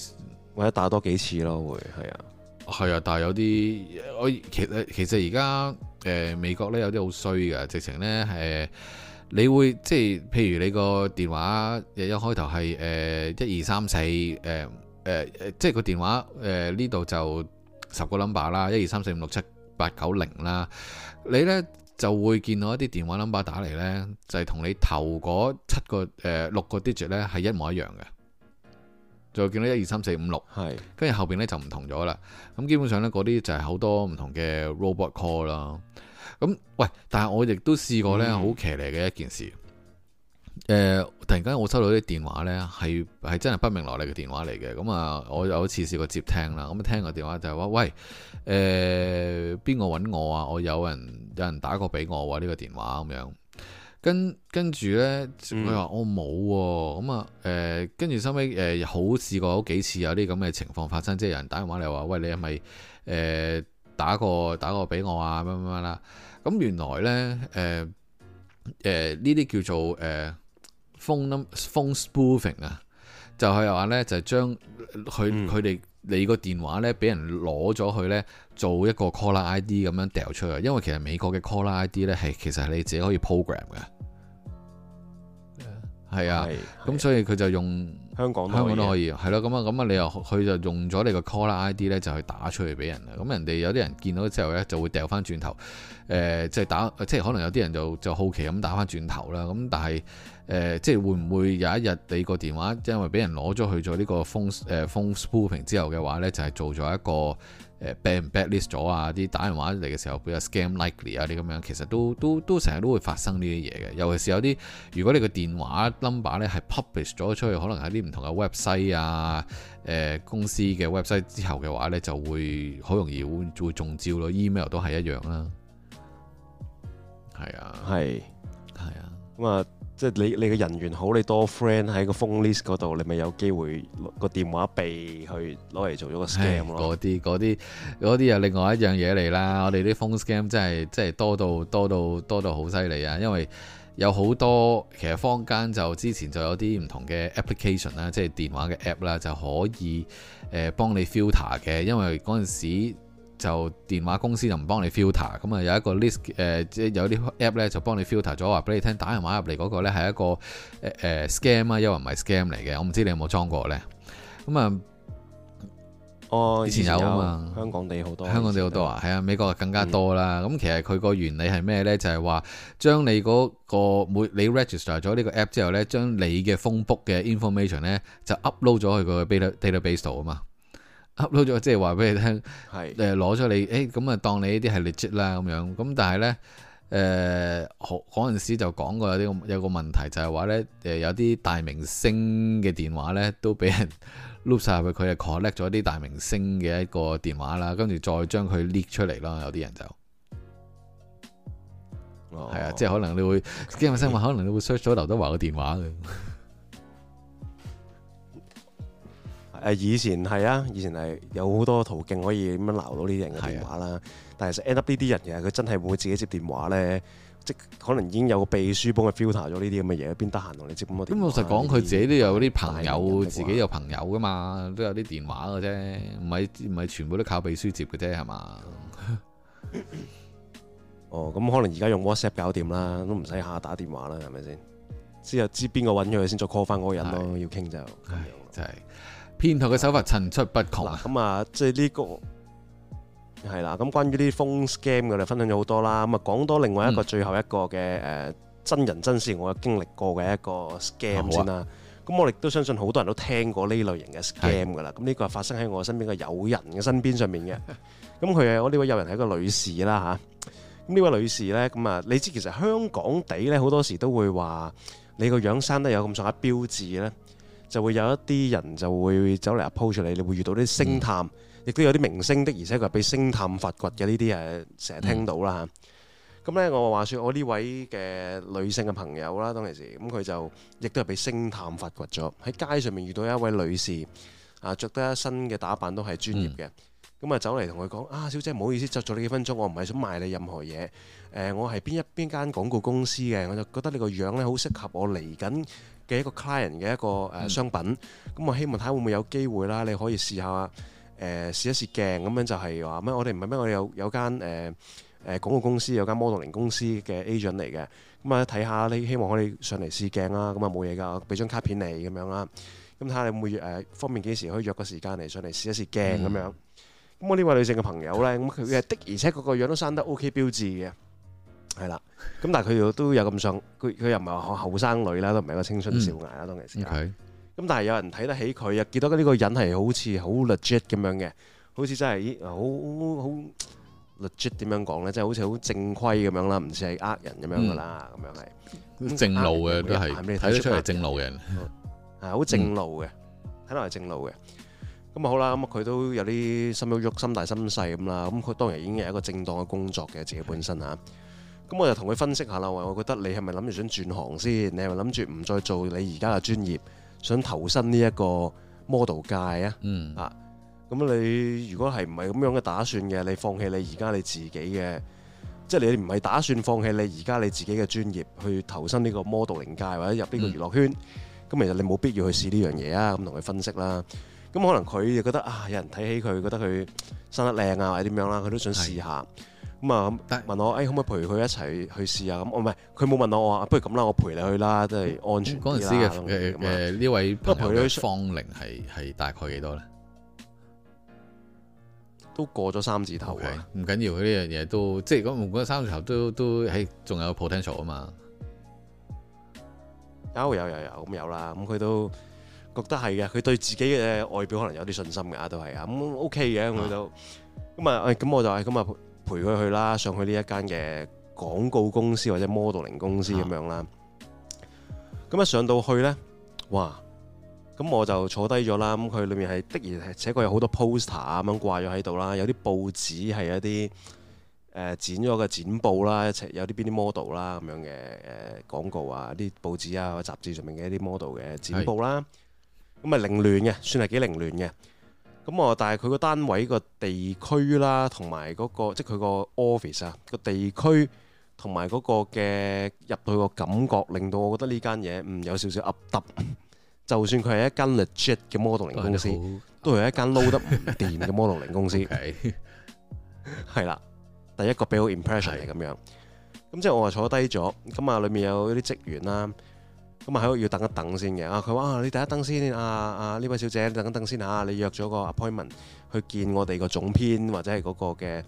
或者打多幾次咯，會係啊，係啊，但係有啲我其實其實而家誒美國咧有啲好衰㗎，直情咧誒，你會即係譬如你個電話一開頭係誒一二三四誒。呃 1, 2, 3, 4, 呃誒、呃、即係個電話誒呢度就十個 number 啦，一二三四五六七八九零啦，你呢就會見到一啲電話 number 打嚟呢，就係、是、同你頭嗰七個誒、呃、六個 digit 呢係一模一樣嘅，就見到一二三四五六，係，跟住後邊呢就唔同咗啦。咁基本上呢嗰啲就係好多唔同嘅 robot call 啦。咁喂，但係我亦都試過呢好騎呢嘅一件事。誒、呃，突然間我收到啲電話咧，係係真係不明來歷嘅電話嚟嘅。咁、嗯、啊，我有一次試過接聽啦，咁、嗯、聽個電話就係話，喂，誒、呃，邊個搵我啊？我有人有人打過俾我啊？呢、這個電話咁、啊、樣、嗯，跟跟住呢，佢話我冇，咁啊，誒、嗯，跟住收尾，誒、嗯呃，好試過好幾次有啲咁嘅情況發生，即係有人打電話嚟話，喂，你係咪誒打過打過俾我啊？乜乜乜啦，咁原來呢，誒、呃，誒、呃，呢啲叫做誒。呃呃 phone phone spoofing 啊，就係話呢，就係將佢佢哋你個電話呢，俾人攞咗去呢，做一個 call ID 咁樣掉出去。因為其實美國嘅 call ID 呢係其實係你自己可以 program 嘅，係啊。咁所以佢就用香港都可以，係咯。咁啊咁啊，你又佢就用咗你個 call ID 呢，就去打出嚟俾人啦。咁人哋有啲人見到之後呢，就會掉翻轉頭，誒，即係打，即係可能有啲人就就好奇咁打翻轉頭啦。咁但係。誒、呃、即係會唔會有一日你個電話因為俾人攞咗去咗呢個風誒 phone、呃、phone spoofing 之後嘅話呢？就係、是、做咗一個誒、呃、bad blacklist 咗啊，啲打電話嚟嘅時候比較 scam likely 啊啲咁樣，其實都都都成日都會發生呢啲嘢嘅。尤其是有啲如果你個電話 number 呢係 publish 咗出去，可能喺啲唔同嘅 website 啊、誒、呃、公司嘅 website 之後嘅話呢，就會好容易會會中招咯。email 都係一樣啦，係啊，係係是啊，咁啊。即係你你嘅人緣好，你多 friend 喺個 phone list 嗰度，你咪有機會、個電話畀去攞嚟做咗個 scam 咯。嗰啲啲啲又另外一樣嘢嚟啦。我哋啲 phone scam 真係真係多到多到多到好犀利啊！因為有好多其實坊間就之前就有啲唔同嘅 application 啦，即係電話嘅 app 啦，就可以誒、呃、幫你 filter 嘅，因為嗰陣時。就電話公司就唔幫你 filter，咁啊有一個 list 誒、呃，即係有啲 app 咧就幫你 filter 咗，話俾你聽打電話入嚟嗰個咧係一個誒誒 scam 啊，呃、scam，因又唔係 scam 嚟嘅，我唔知你有冇裝過咧。咁啊，哦，以前有啊，嘛，香港地好多，香港地好多啊，係、嗯、啊，美國更加多啦。咁其實佢個原理係咩咧？就係、是、話將你嗰、那個每你 register 咗呢個 app 之後咧，將你嘅 phone book 嘅 information 咧就 upload 咗去個 database 度啊嘛。Upload 咗，即係話俾你聽，係誒攞咗你，誒咁啊，呃你欸、當你呢啲係 legit 啦，咁樣。咁但係呢，誒、呃，嗰陣時就講過有啲，有個問題就係、是、話呢，誒、呃、有啲大明星嘅電話呢，都俾人錄晒入去，佢係 collect 咗啲大明星嘅一個電話啦，跟住再將佢列出嚟啦，有啲人就，係啊、哦，即係可能你會，啲人問可能你會 search 咗劉德華嘅電話嘅。誒以前係啊，以前係有好多途徑可以咁樣留到呢啲人嘅電話啦。是的 但係其實呢啲人嘅，佢真係會自己接電話咧，即可能已經有個秘書幫佢 filter 咗呢啲咁嘅嘢。邊得閒同你接咁多電話？咁老實講，佢自己都有啲朋友，自己有朋友噶嘛，嘛，都有啲電話嘅啫，唔係唔係全部都靠秘書接嘅啫，係嘛？ 哦，咁、嗯、可能而家用 WhatsApp 搞掂啦，都唔使下打電話啦，係咪先？之後知邊個揾佢先，再 call 翻嗰個人咯，的要傾就，就係、是。片頭嘅手法層出不窮，咁啊、嗯，即係呢個係啦。咁關於啲 phone scam 我哋分享咗好多啦。咁啊，講多另外一個，嗯、最後一個嘅誒、呃、真人真事，我有經歷過嘅一個 scam 先啦。咁、啊、我亦都相信好多人都聽過呢類型嘅 scam 噶啦。咁呢係個發生喺我身邊嘅友人嘅身邊上面嘅。咁佢啊，我呢位友人係一個女士啦吓。咁、啊、呢位女士呢，咁啊，你知其實香港地呢，好多時都會話你個樣生得有咁上下標緻咧。就會有一啲人就會走嚟 approach 你，你會遇到啲星探，亦都、嗯、有啲明星的，而且佢係被星探發掘嘅呢啲誒，成日聽到啦咁、嗯、呢，我話説我呢位嘅女性嘅朋友啦，當其時咁佢就亦都係被星探發掘咗，喺街上面遇到一位女士啊，著得一身嘅打扮都係專業嘅，咁啊、嗯、走嚟同佢講啊，小姐唔好意思執咗你幾分鐘，我唔係想賣你任何嘢、呃，我係邊一邊間廣告公司嘅，我就覺得你個樣呢，好適合我嚟緊。嘅一個 client 嘅一個誒商品，咁、嗯、我希望睇下會唔會有機會啦，你可以試下誒、呃、試一試鏡咁樣就係話咩？我哋唔係咩？我哋有有間誒誒、呃、廣告公司，有間 modeling 公司嘅 agent 嚟嘅，咁啊睇下你希望可以上嚟試鏡啦，咁啊冇嘢㗎，俾張卡片看看你咁樣啦，咁睇下你會唔會方便幾時可以約個時間嚟上嚟試一試鏡咁、嗯、樣。咁我呢位女性嘅朋友咧，咁佢嘅的而且確個樣都生得 OK 標緻嘅。係啦，咁但係佢又都有咁上，佢佢又唔係話後生女啦，都唔係一個青春少艾啦，嗯、當其時。咁 okay. 但係有人睇得起佢啊，見到呢個人係好似、嗯、好 legit 咁樣嘅，好似真係咦、好好 legit 點樣講咧？即係好似好正規咁樣啦，唔似係呃人咁樣啦，咁樣係正路嘅，都係睇出嚟正路嘅，係好正路嘅，睇落係正路嘅。咁啊好啦，咁佢都有啲心喐喐、心大心細咁啦，咁佢當然已經係一個正當嘅工作嘅自己本身吓。咁我就同佢分析下啦，喂，我覺得你係咪諗住想轉行先？你係咪諗住唔再做你而家嘅專業，想投身呢一個 model 界啊？啊，咁你如果係唔係咁樣嘅打算嘅，你放棄你而家你自己嘅，即係你唔係打算放棄你而家你自己嘅專業去投身呢個 model 界或者入呢個娛樂圈，咁其實你冇必要去試呢樣嘢啊。咁同佢分析啦。咁可能佢又覺得啊，有人睇起佢，覺得佢生得靚啊，或者點樣啦，佢都想試下。咁啊，問我誒，可唔可以陪佢一齊去試下？咁我唔係佢冇問我，我話不如咁啦，我陪你去啦，都係安全啲啦。嗰時嘅誒呢位朋友，不過陪佢芳齡係大概幾多咧，okay？都過咗三字頭唔緊要，佢呢樣嘢都即係如果唔講三字頭都都，仲有 potential 啊嘛。有有有有咁有啦，咁佢都覺得係嘅，佢對自己嘅外表可能有啲信心嘅都係啊，咁 OK 嘅，我哋都咁啊，咁、嗯、我就係咁啊。欸陪佢去啦，上去呢一間嘅廣告公司或者 modeling 公司咁、啊、樣啦。咁一上到去呢，哇！咁我就坐低咗啦。咁佢裏面係的而且確有好多 poster 咁樣掛咗喺度啦。有啲報紙係一啲、呃、剪咗嘅剪報啦，有啲邊啲 model 啦咁樣嘅誒廣告啊，啲、呃、報紙啊或者雜誌上面嘅一啲 model 嘅剪報啦。咁咪是凌亂嘅，算係幾凌亂嘅。咁啊，但係佢個單位個地區啦，同埋嗰個即係佢個 office 啊，個地區同埋嗰個嘅入去個感覺，令到我覺得呢間嘢唔有少少噏耷。 就算佢係一間 legit 嘅 modeling 公司，都係、哎、一間撈得唔掂嘅 modeling 公司。係，係啦，第一個俾好 impression 嚟咁樣。咁即係我就坐低咗，咁啊，裏面有啲職員啦。咁啊，喺度要等一等先嘅啊！佢話：啊，你等一等先，阿阿呢位小姐等一等先吓，你約咗個 appointment 去見我哋個總編或者係嗰個嘅，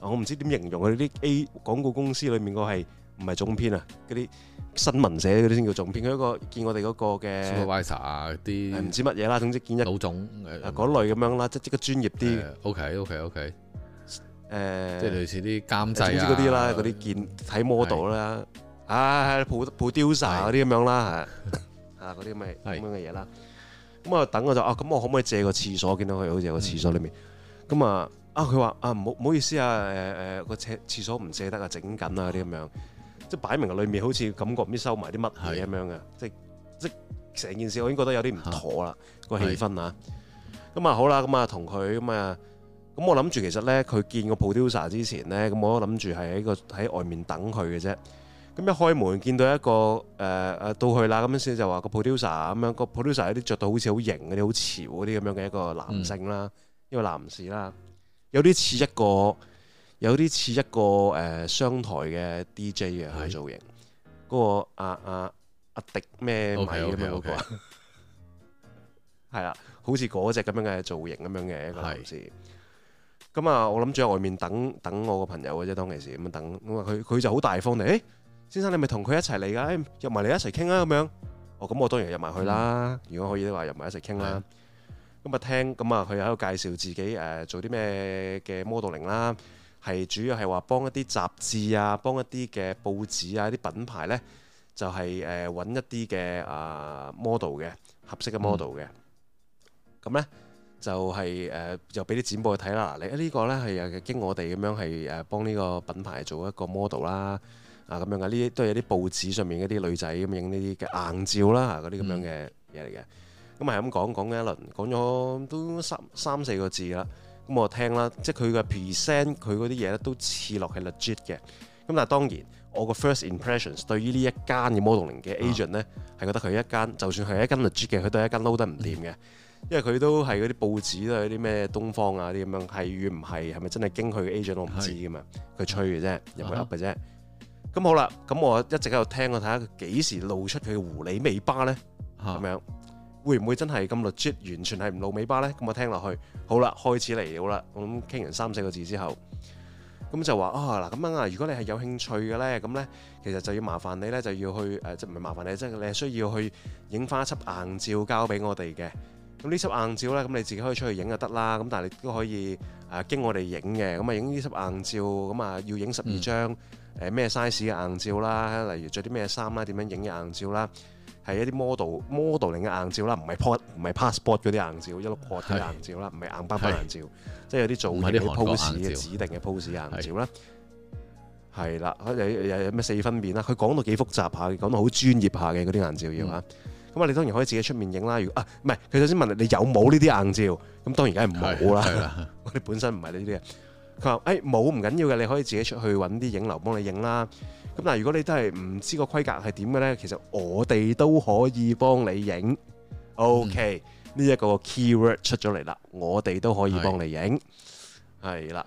我唔知點形容佢哋啲 A 廣告公司裏面個係唔係總編啊？嗰啲新聞社嗰啲先叫總編。佢個見我哋嗰個嘅 supervisor 啊，啲唔知乜嘢啦，總之見一老總誒嗰類咁樣啦，即係即刻專業啲。OK OK OK，誒即係類似啲監製啊嗰啲啦，嗰啲見睇 model 啦。啊，係，鋪鋪丟曬嗰啲咁樣啦，係啊嗰啲咁嘅咁樣嘅嘢啦。咁啊等我就啊咁，我可唔可以借個廁所？見到佢好似有個廁所裡面咁啊啊！佢話 啊唔好唔好意思啊誒誒個廁廁所唔借得啊，整緊啊啲咁 樣，的即係擺明啊裡面好似感覺唔知收埋啲乜嘢咁樣嘅，即係即係成件事我已經覺得有啲唔妥啦的個氣氛啊。咁的啊好啦，咁啊同佢咁啊咁我諗住其實咧，佢見個鋪丟曬之前咧，咁我都諗住係喺個喺外面等佢嘅啫。咁一開門見到一個誒誒、呃、到去啦，咁樣先就話個 producer 咁樣，個 producer 有啲着到好似好型嗰啲好潮嗰啲咁樣嘅一個男性啦，一個男士啦，有啲似一個有啲似一個誒商台嘅 DJ 嘅造型，嗰個阿阿迪咩米咁樣嗰個，係啦，好似嗰隻咁樣嘅造型咁樣嘅一個男士。咁、呃、是啊，啊啊是我諗住喺外面等等我個朋友嘅啫，當其時咁啊等，咁啊佢佢就好大方地。欸先生，你咪同佢一齊嚟㗎？誒，入埋嚟一齊傾啊！咁樣哦，咁我當然入埋去啦。嗯、如果可以的話，入埋一齊傾啦。咁啊的，聽咁啊，佢喺度介紹自己誒、呃，做啲咩嘅 modeling 啦。係主要係話幫一啲雜誌啊，幫一啲嘅報紙啊，一啲品牌呢，就係誒揾一啲嘅啊 model 嘅合適嘅 model 嘅。咁、嗯、呢，就係、是、誒、呃，又俾啲展播去睇啦。你、呃、呢、這個呢，係又經我哋咁樣係誒幫呢個品牌做一個 model 啦。咁、啊、樣噶呢啲都係有啲報紙上面一啲女仔咁影呢啲嘅硬照啦，嗰啲咁樣嘅嘢嚟嘅。咁係咁講講嘅一輪講咗都三三四個字啦。咁我聽啦，即係佢嘅 percent 佢嗰啲嘢咧都似落係 legit 嘅。咁但係當然我個 first impressions 對於呢一間嘅 modeling 嘅 agent 咧係覺得佢一間就算係一間 legit 嘅，佢都係一間撈得唔掂嘅，因為佢都係嗰啲報紙啦，啲咩東方啊啲咁樣係與唔係係咪真係經佢嘅 agent 我唔知咁樣，佢吹嘅啫，入去噏嘅啫。咁好啦，咁我一直喺度聽，我睇下佢幾時露出佢狐狸尾巴呢？咁樣會唔會真係咁 legit，完全係唔露尾巴呢？咁我聽落去，好啦，開始嚟啦，咁傾完三四個字之後，咁就話啊嗱，咁樣啊，如果你係有興趣嘅呢，咁呢其實就要麻煩你呢，就要去誒，即係唔係麻煩你，即係你係需要去影翻一輯硬照交俾我哋嘅。咁呢輯硬照呢，咁你自己可以出去影就得啦。咁但係你都可以誒經我哋影嘅。咁啊，影呢輯硬照，咁啊要影十二張。誒咩、呃、size 嘅硬照啦，例如着啲咩衫啦，點樣影嘅硬照啦，係一啲 model model 嚟嘅硬照啦，唔係 port 唔係 passport 嗰啲硬照，是一碌角嘅硬照啦，唔係是硬邦邦硬照，是即係有啲造型嘅 pose 嘅指定嘅 pose 硬照啦，係是啦，有咩四分面啦，佢講到幾複雜下，講到好專業下嘅嗰啲硬照要嚇，咁啊、嗯、你當然可以自己出面影啦。如果啊唔係，佢首先問你有冇呢啲硬照，咁當然梗係冇啦，我哋本身唔係呢啲嘅。佢話：誒冇，唔緊要嘅，你可以自己出去揾啲影樓幫你影啦。咁但係如果你都係唔知個規格係點嘅呢，其實我哋都可以幫你影。OK、嗯啊啊啊啊、呢一個 keyword 出咗嚟啦，哦、我哋都可以幫你影。係啦，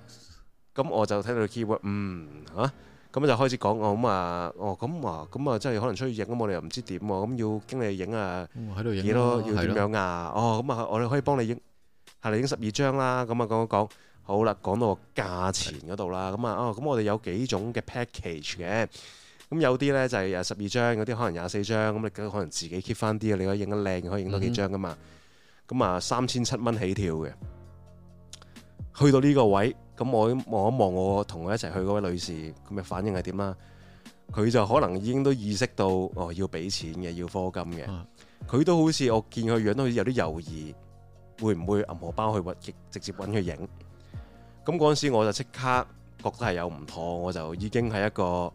咁我就睇到 keyword，嗯嚇，咁就開始講我咁啊，哦咁啊，咁啊，真係可能出去影咁我哋又唔知點喎，咁要經理影啊喺度影囉，要點樣啊？哦，咁啊，我哋可以幫你影，係嚟影十二張啦。咁啊，講講講。好啦，講到價錢嗰度啦，咁啊，哦、啊，咁我哋有幾種嘅 package 嘅，咁有啲呢就係十二張，有啲可能廿四張，咁你可能自己 keep 翻啲你可以影得靚，可以影多幾張噶嘛。咁啊，三千七蚊起跳嘅，去到呢個位，咁我望一望我同我一齊去嗰位女士，咁嘅反應係點啊？佢就可能已經都意識到，哦，要俾錢嘅，要科金嘅，佢都好似我見佢樣都好似有啲猶豫，會唔會銀荷包去直接揾佢影？咁嗰陣時，我就即刻覺得係有唔妥，我就已經係一個誒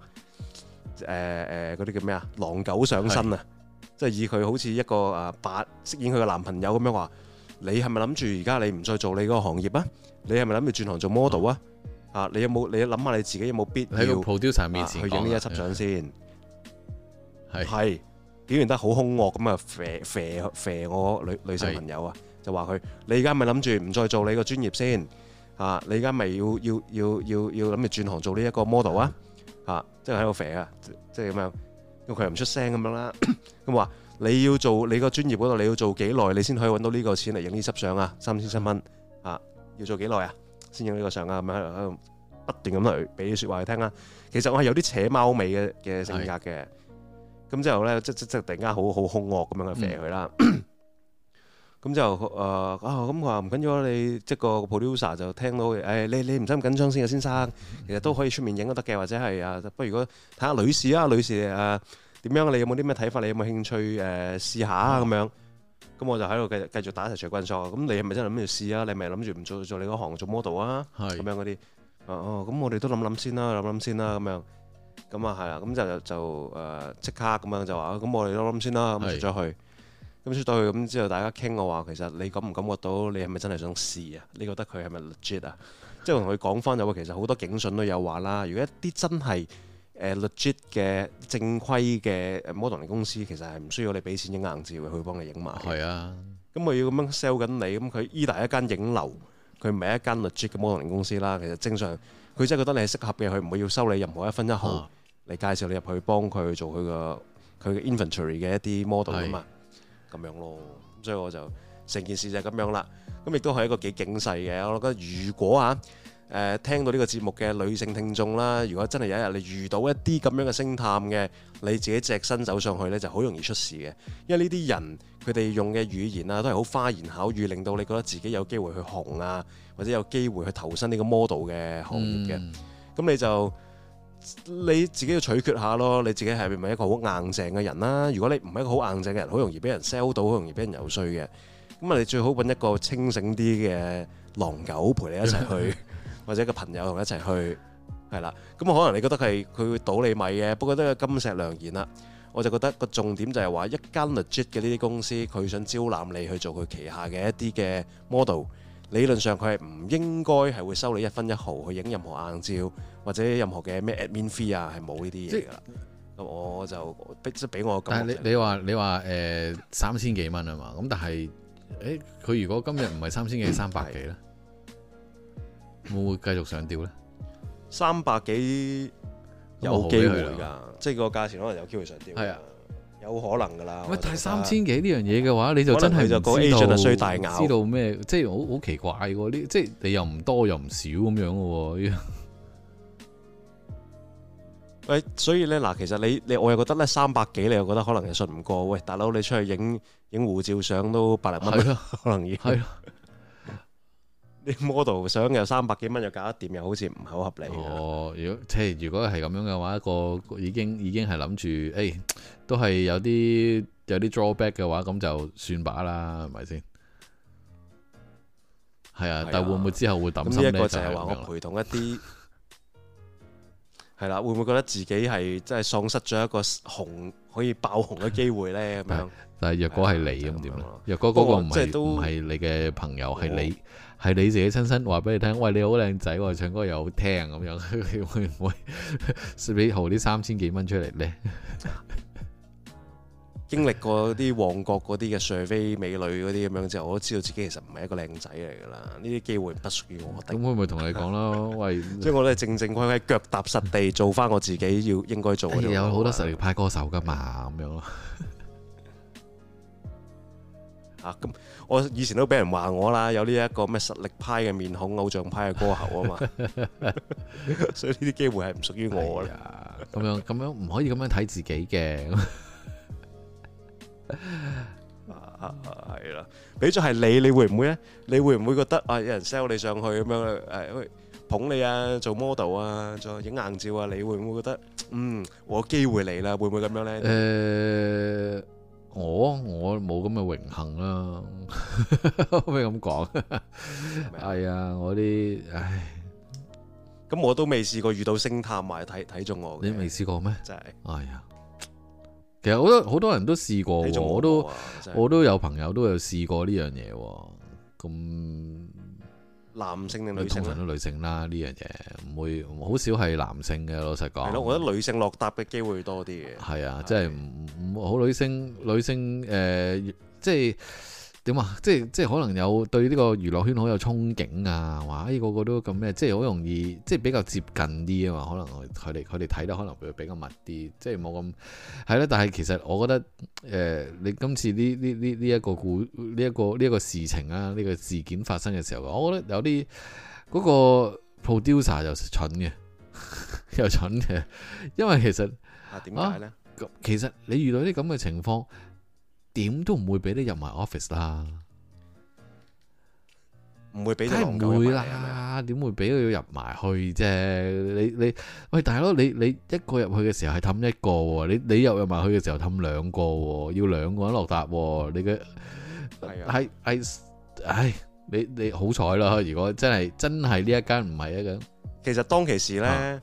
誒嗰啲叫咩啊狼狗上身啊！即係以佢好似一個誒扮飾演佢嘅男朋友咁樣話：你係咪諗住而家你唔再做你嗰個行業啊？你係咪諗住轉行做 model 啊？啊！你有冇你諗下你自己有冇必要喺個 producer 面前去影呢一輯相先？係表現得好凶惡咁啊！吠吠吠我女女性朋友啊，就話佢：你而家係咪諗住唔再做你個專業先？啊！你而家咪要要要要要諗住轉行做呢一個 model 啊！的啊，即係喺度飛啊，即係咁樣，咁佢又唔出聲咁樣啦。咁話 你要做你個專業嗰度，你要做幾耐，你先可以揾到呢個錢嚟影呢輯相啊？三千七蚊啊，要做幾耐啊？先影呢個相啊？咁樣喺度不斷咁去俾啲說話去聽啦，啊。其實我係有啲扯貓尾嘅嘅性格嘅。咁的之後咧，即即即突然間好好凶惡咁樣去飛佢啦。 咁就誒啊！咁佢話唔緊要啦，你即個 producer 就聽到誒，你你唔使咁緊張先啊，先生。其實都可以出面影都得嘅，或者係啊，不如如果睇下女士啊，女士誒點樣？你有冇啲咩睇法？你有冇興趣誒試下啊？咁樣咁我就喺度繼續繼續打一齊除棍索。咁你係咪真係諗住試啊？你係咪諗住唔做做你嗰行做 model 啊？係咁樣嗰啲啊啊！咁我哋都諗諗先啦，諗諗先啦，咁樣咁啊係啊！咁就就誒即刻咁樣就話，咁我哋都諗先啦，咁出咗去。咁出到去，咁之後，大家傾嘅話，我其實你感唔感覺到你係咪真係想試啊？你覺得佢係咪 legit 啊？即係同佢講翻就話、是，其實好多警訊都有話啦。如果一啲真係誒 legit 嘅正規嘅 model 公司，其實係唔需要你俾錢影硬照，會去幫你影埋。係啊，咁我要咁樣 sell 緊你，咁佢 either 一間影樓，佢唔係一間 legit 嘅 model 公司啦。其實正常佢真係覺得你係適合嘅，佢唔會要收你任何一分一毫你、嗯、介紹你入去幫佢做佢個佢 inventory 嘅一啲 model 啊嘛。咁樣咯，所以我就成件事就係咁樣啦。咁亦都係一個幾警世嘅。我覺得如果啊，誒、呃、聽到呢個節目嘅女性聽眾啦，如果真係有一日你遇到一啲咁樣嘅星探嘅，你自己隻身走上去呢，就好容易出事嘅。因為呢啲人佢哋用嘅語言啊，都係好花言巧語，令到你覺得自己有機會去紅啊，或者有機會去投身呢個 model 嘅行業嘅。咁、嗯、你就。你自己要取決下咯，你自己係咪一個好硬淨嘅人啦？如果你唔係一個好硬淨嘅人，好容易俾人 sell 到，好容易俾人遊說嘅。咁啊，你最好揾一個清醒啲嘅狼狗陪你一齊去， 或者個朋友同一齊去，係啦。咁可能你覺得係佢會倒你米嘅，不過都係金石良言啦。我就覺得個重點就係話，一間 legit 嘅呢啲公司，佢想招攬你去做佢旗下嘅一啲嘅 model，理論上佢係唔應該係會收你一分一毫去影任何硬照。或者任何嘅咩 admin fee 啊即，係冇呢啲嘢噶啦。咁我就即係俾我嘅、呃。但係你你話你話誒三千幾蚊啊嘛？咁但係誒佢如果今日唔係三千幾，三百幾咧，嗯、會唔會繼續上調咧？三百幾有機會噶，會即係個價錢可能有機會上調。係啊，有可能噶啦。喂，但係三千幾呢樣嘢嘅話，你就真係就知道，知道就最大，知道咩？即係好好奇怪嘅喎。呢即係你又唔多又唔少咁樣嘅喎。喂，所以咧嗱，其實你你我又覺得咧三百幾，你又覺得可能係信唔過。喂，大佬你出去影影護照相都百零蚊，可能已係咯。啲 model 相又三百幾蚊又搞得掂，又好似唔係好合理。哦，如果即係如果係咁樣嘅話，一個已經已經係諗住，誒、哎，都係有啲有啲 drawback 嘅話，咁就算把啦，係咪先？係啊，啊但會唔會之後會抌心呢？一個就係話我陪同一啲。 係啦，會唔會覺得自己係真係喪失咗一個紅可以爆紅嘅機會呢？咁、 哎、呀樣，但係若果係、哦就係、你咁點若果嗰個唔係唔係你嘅朋友，係你係、哦、你自己親身話俾你聽，喂，你好靚仔，我唱歌又好聽，咁樣你會唔不會蝕俾 豪呢三千幾蚊出嚟呢？ 經歷過啲旺角嗰啲嘅帥飛美女嗰啲咁樣之後，我都知道自己其實唔係一個靚仔嚟㗎啦。呢啲機會不屬於我。咁唔咪同你講啦，即係我都係正正規規腳踏實地做翻我自己要應該做嘅嘢、哎。有好多實力派歌手㗎嘛，咁樣 啊。咁我以前都俾人話我啦，有呢一個咩實力派嘅面孔、偶像派嘅歌喉啊嘛。 所以呢啲機會係唔屬於我咯。咁、哎、樣咁樣唔可以咁樣睇自己嘅。 係啦，俾咗係你，你會唔會咧？你會唔會覺得啊？有人 sell 你上去咁樣，誒，捧你啊，做 model 啊，仲影硬照啊，你會唔會覺得？嗯，我機會嚟啦，會唔會咁樣咧？誒，我我冇咁嘅榮幸啦，可唔可以咁講？係啊，我啲，唉，咁我都未試過遇到星探埋睇睇中我嘅。你未試過咩？真係，哎呀。其實好多好多人都試過，啊、我都、即係，我都有朋友都有試過呢樣嘢。咁男性定女性？通常都女性啦，呢樣嘢唔會好少係男性嘅。老實講，係咯，我覺得女性落搭嘅機會多啲嘅。係啊，即係唔好女性，女性誒、呃，即係。點啊？即係即係可能有對呢個娛樂圈好有憧憬啊！話誒、哎、個個都咁咩，即係好容易，即係比較接近啲啊嘛。可能佢哋佢哋睇得可能會比較密啲，即係冇咁係啦。但係其實我覺得誒、呃，你今次呢呢呢一個故呢一、這個呢一、這個事情啊，呢、這個事件發生嘅時候，我覺得有啲嗰、那個 producer 又蠢嘅，又蠢嘅，因為其實為呢啊點解咧？咁其實你遇到啲咁嘅情況。點都唔會俾你入埋 office 啦，唔會俾，梗係唔會啦，點會俾佢入埋去啫？你你喂，大佬，你你一個入去嘅時候係氹一個喎，你你入入埋去嘅時候氹兩個喎，要兩個人落搭喎，你嘅係係唉，你你好彩啦，如果真係真係呢一間唔係啊咁，其實當其時咧。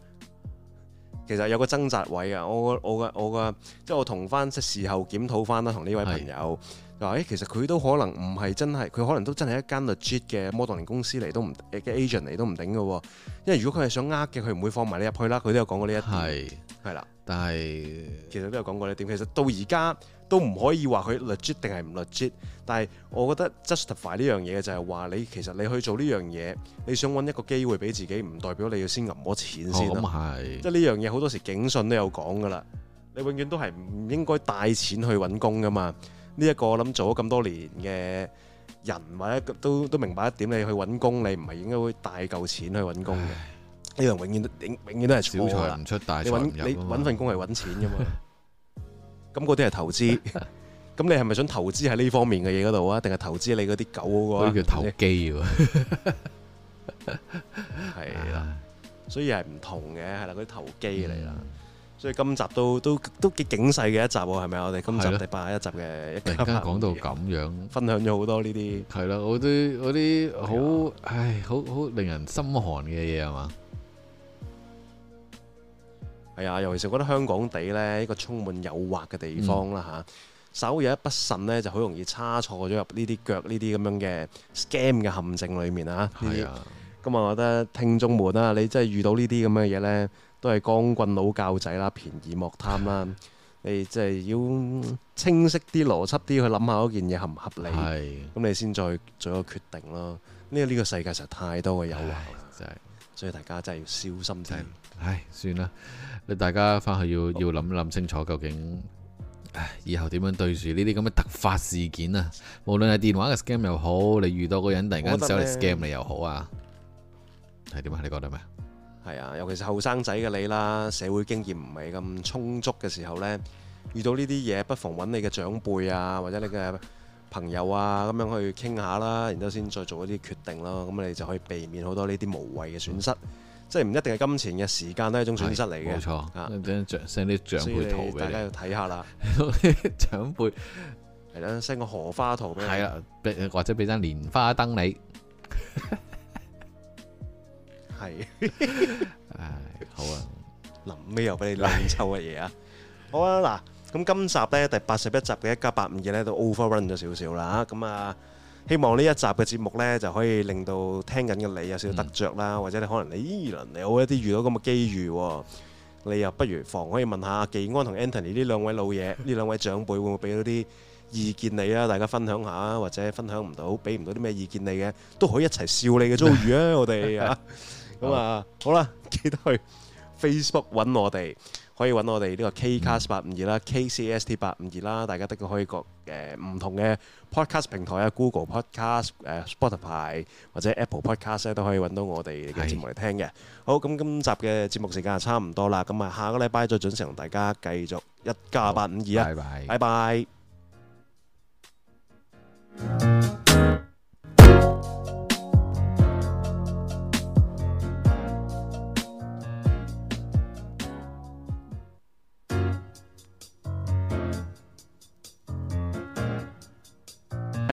其實有個掙扎位啊！我我嘅我嘅即係我同翻即事後檢討翻啦，同呢位朋友就話：誒是、欸，其實佢都可能唔係真係，佢可能都真係一間 legit 嘅 modeling 公司嚟都唔定 agent 嚟都唔定嘅喎。嗯、因為如果佢係想呃嘅，佢唔會放埋你入去啦。佢都有講過呢一點，係是啦，但係是其實都有講過呢一點。其實到而家。都唔可以話佢 legit 定係唔 legit，但係我覺得 justify 呢樣嘢就係話你其實你去做呢樣嘢，你想揾一個機會俾自己，唔代表你要先揜攞錢先咯。哦，咁係。即係呢樣嘢好多時警訊都有講噶啦，你永遠都係唔應該帶錢去揾工噶嘛。呢一個我諗做咗咁多年嘅人或者都都明白一點，你去揾工你唔係應該會帶夠錢去揾工嘅。呢樣唉永遠永永遠都係錯啦。小財唔出大財入。你揾你揾份工係揾錢噶嘛？ 咁嗰啲係投資，咁你係咪想投資喺呢方面嘅嘢嗰度啊？定係投資你嗰啲狗嗰個啊？嗰啲叫投機嘅。係啦，所以係唔同嘅，係啦，嗰啲投機嚟啦。所以今集都都都幾警世嘅一集喎，係咪啊？我哋今集第八一集嘅，突然間講到咁樣，分享咗好多呢啲，係啦，我都啲好唉，好好令人心寒嘅嘢係嘛。係啊，尤其是我覺得香港地呢，一個充滿誘惑嘅地方啦嚇。稍有一不慎呢，就好容易差錯咗入呢啲腳呢啲咁樣嘅 scam 嘅陷阱裡面啊嚇。係啊。咁啊，我覺得聽眾們啦，你真係遇到呢啲咁嘅嘢呢，都係光棍佬教仔啦，便宜莫貪啦。你就係要清晰啲、邏輯啲去諗下嗰件嘢合唔合理。咁你先再做個決定咯。因為呢個世界實在太多嘅誘惑，真係，所以大家真係要小心啲。唉，算啦，你大家翻去要好要諗諗清楚，究竟唉以後點樣對住呢啲咁嘅突發事件啊？無論係電話嘅 scam 又好，你遇到個人突然間走嚟 scam 你又好啊，係點啊？你覺得咩啊？係啊，尤其是後生仔嘅你啦，社會經驗唔係咁充足嘅時候呢，遇到呢啲嘢，不妨揾你嘅長輩啊，或者你嘅朋友啊，咁樣去傾下啦，然之後先再做一啲決定咯，咁你就可以避免好多呢啲無謂嘅損失。嗯即係唔一定係金錢嘅時間都係一種損失嚟嘅，冇錯、哎。錯啊、等一張像 send 啲長輩圖俾你，大家要睇下啦。嗰啲 長輩輩，係啦 send 個荷花圖你睇啦，或者俾張蓮花燈你。係，係好啊。臨尾又俾你爛臭嘅嘢啊！好啊，嗱，咁今集咧第八十一集嘅一家852咧都 overrun 咗少少啦。咁啊、嗯。嗯希望呢一集嘅節目呢，就可以令到聽緊嘅你有少少得着啦，嗯、或者你可能你呢輪有一啲遇到咁嘅機遇、啊，你又不如妨可以問下技安同 Anthony 呢兩位老嘢，呢 兩位長輩會唔會俾到啲意見你啊？大家分享下或者分享唔到，俾唔到啲咩意見你嘅，都可以一齊笑你嘅遭遇啊！ 我哋啊，咁 啊， 好啦吧，記得去 Facebook 揾我哋。可以揾我哋呢個 KCast 八五二啦，KCST 八五二啦，大家的確可以各誒唔同嘅 podcast 平台啊，Google podcast 誒 Spotify 或者 Apple podcast 咧都可以揾到我哋嘅節目嚟聽嘅。好，咁今集嘅節目時間差唔多啦，咁啊下個禮拜再準時同大家繼續一家八五二啊！拜拜。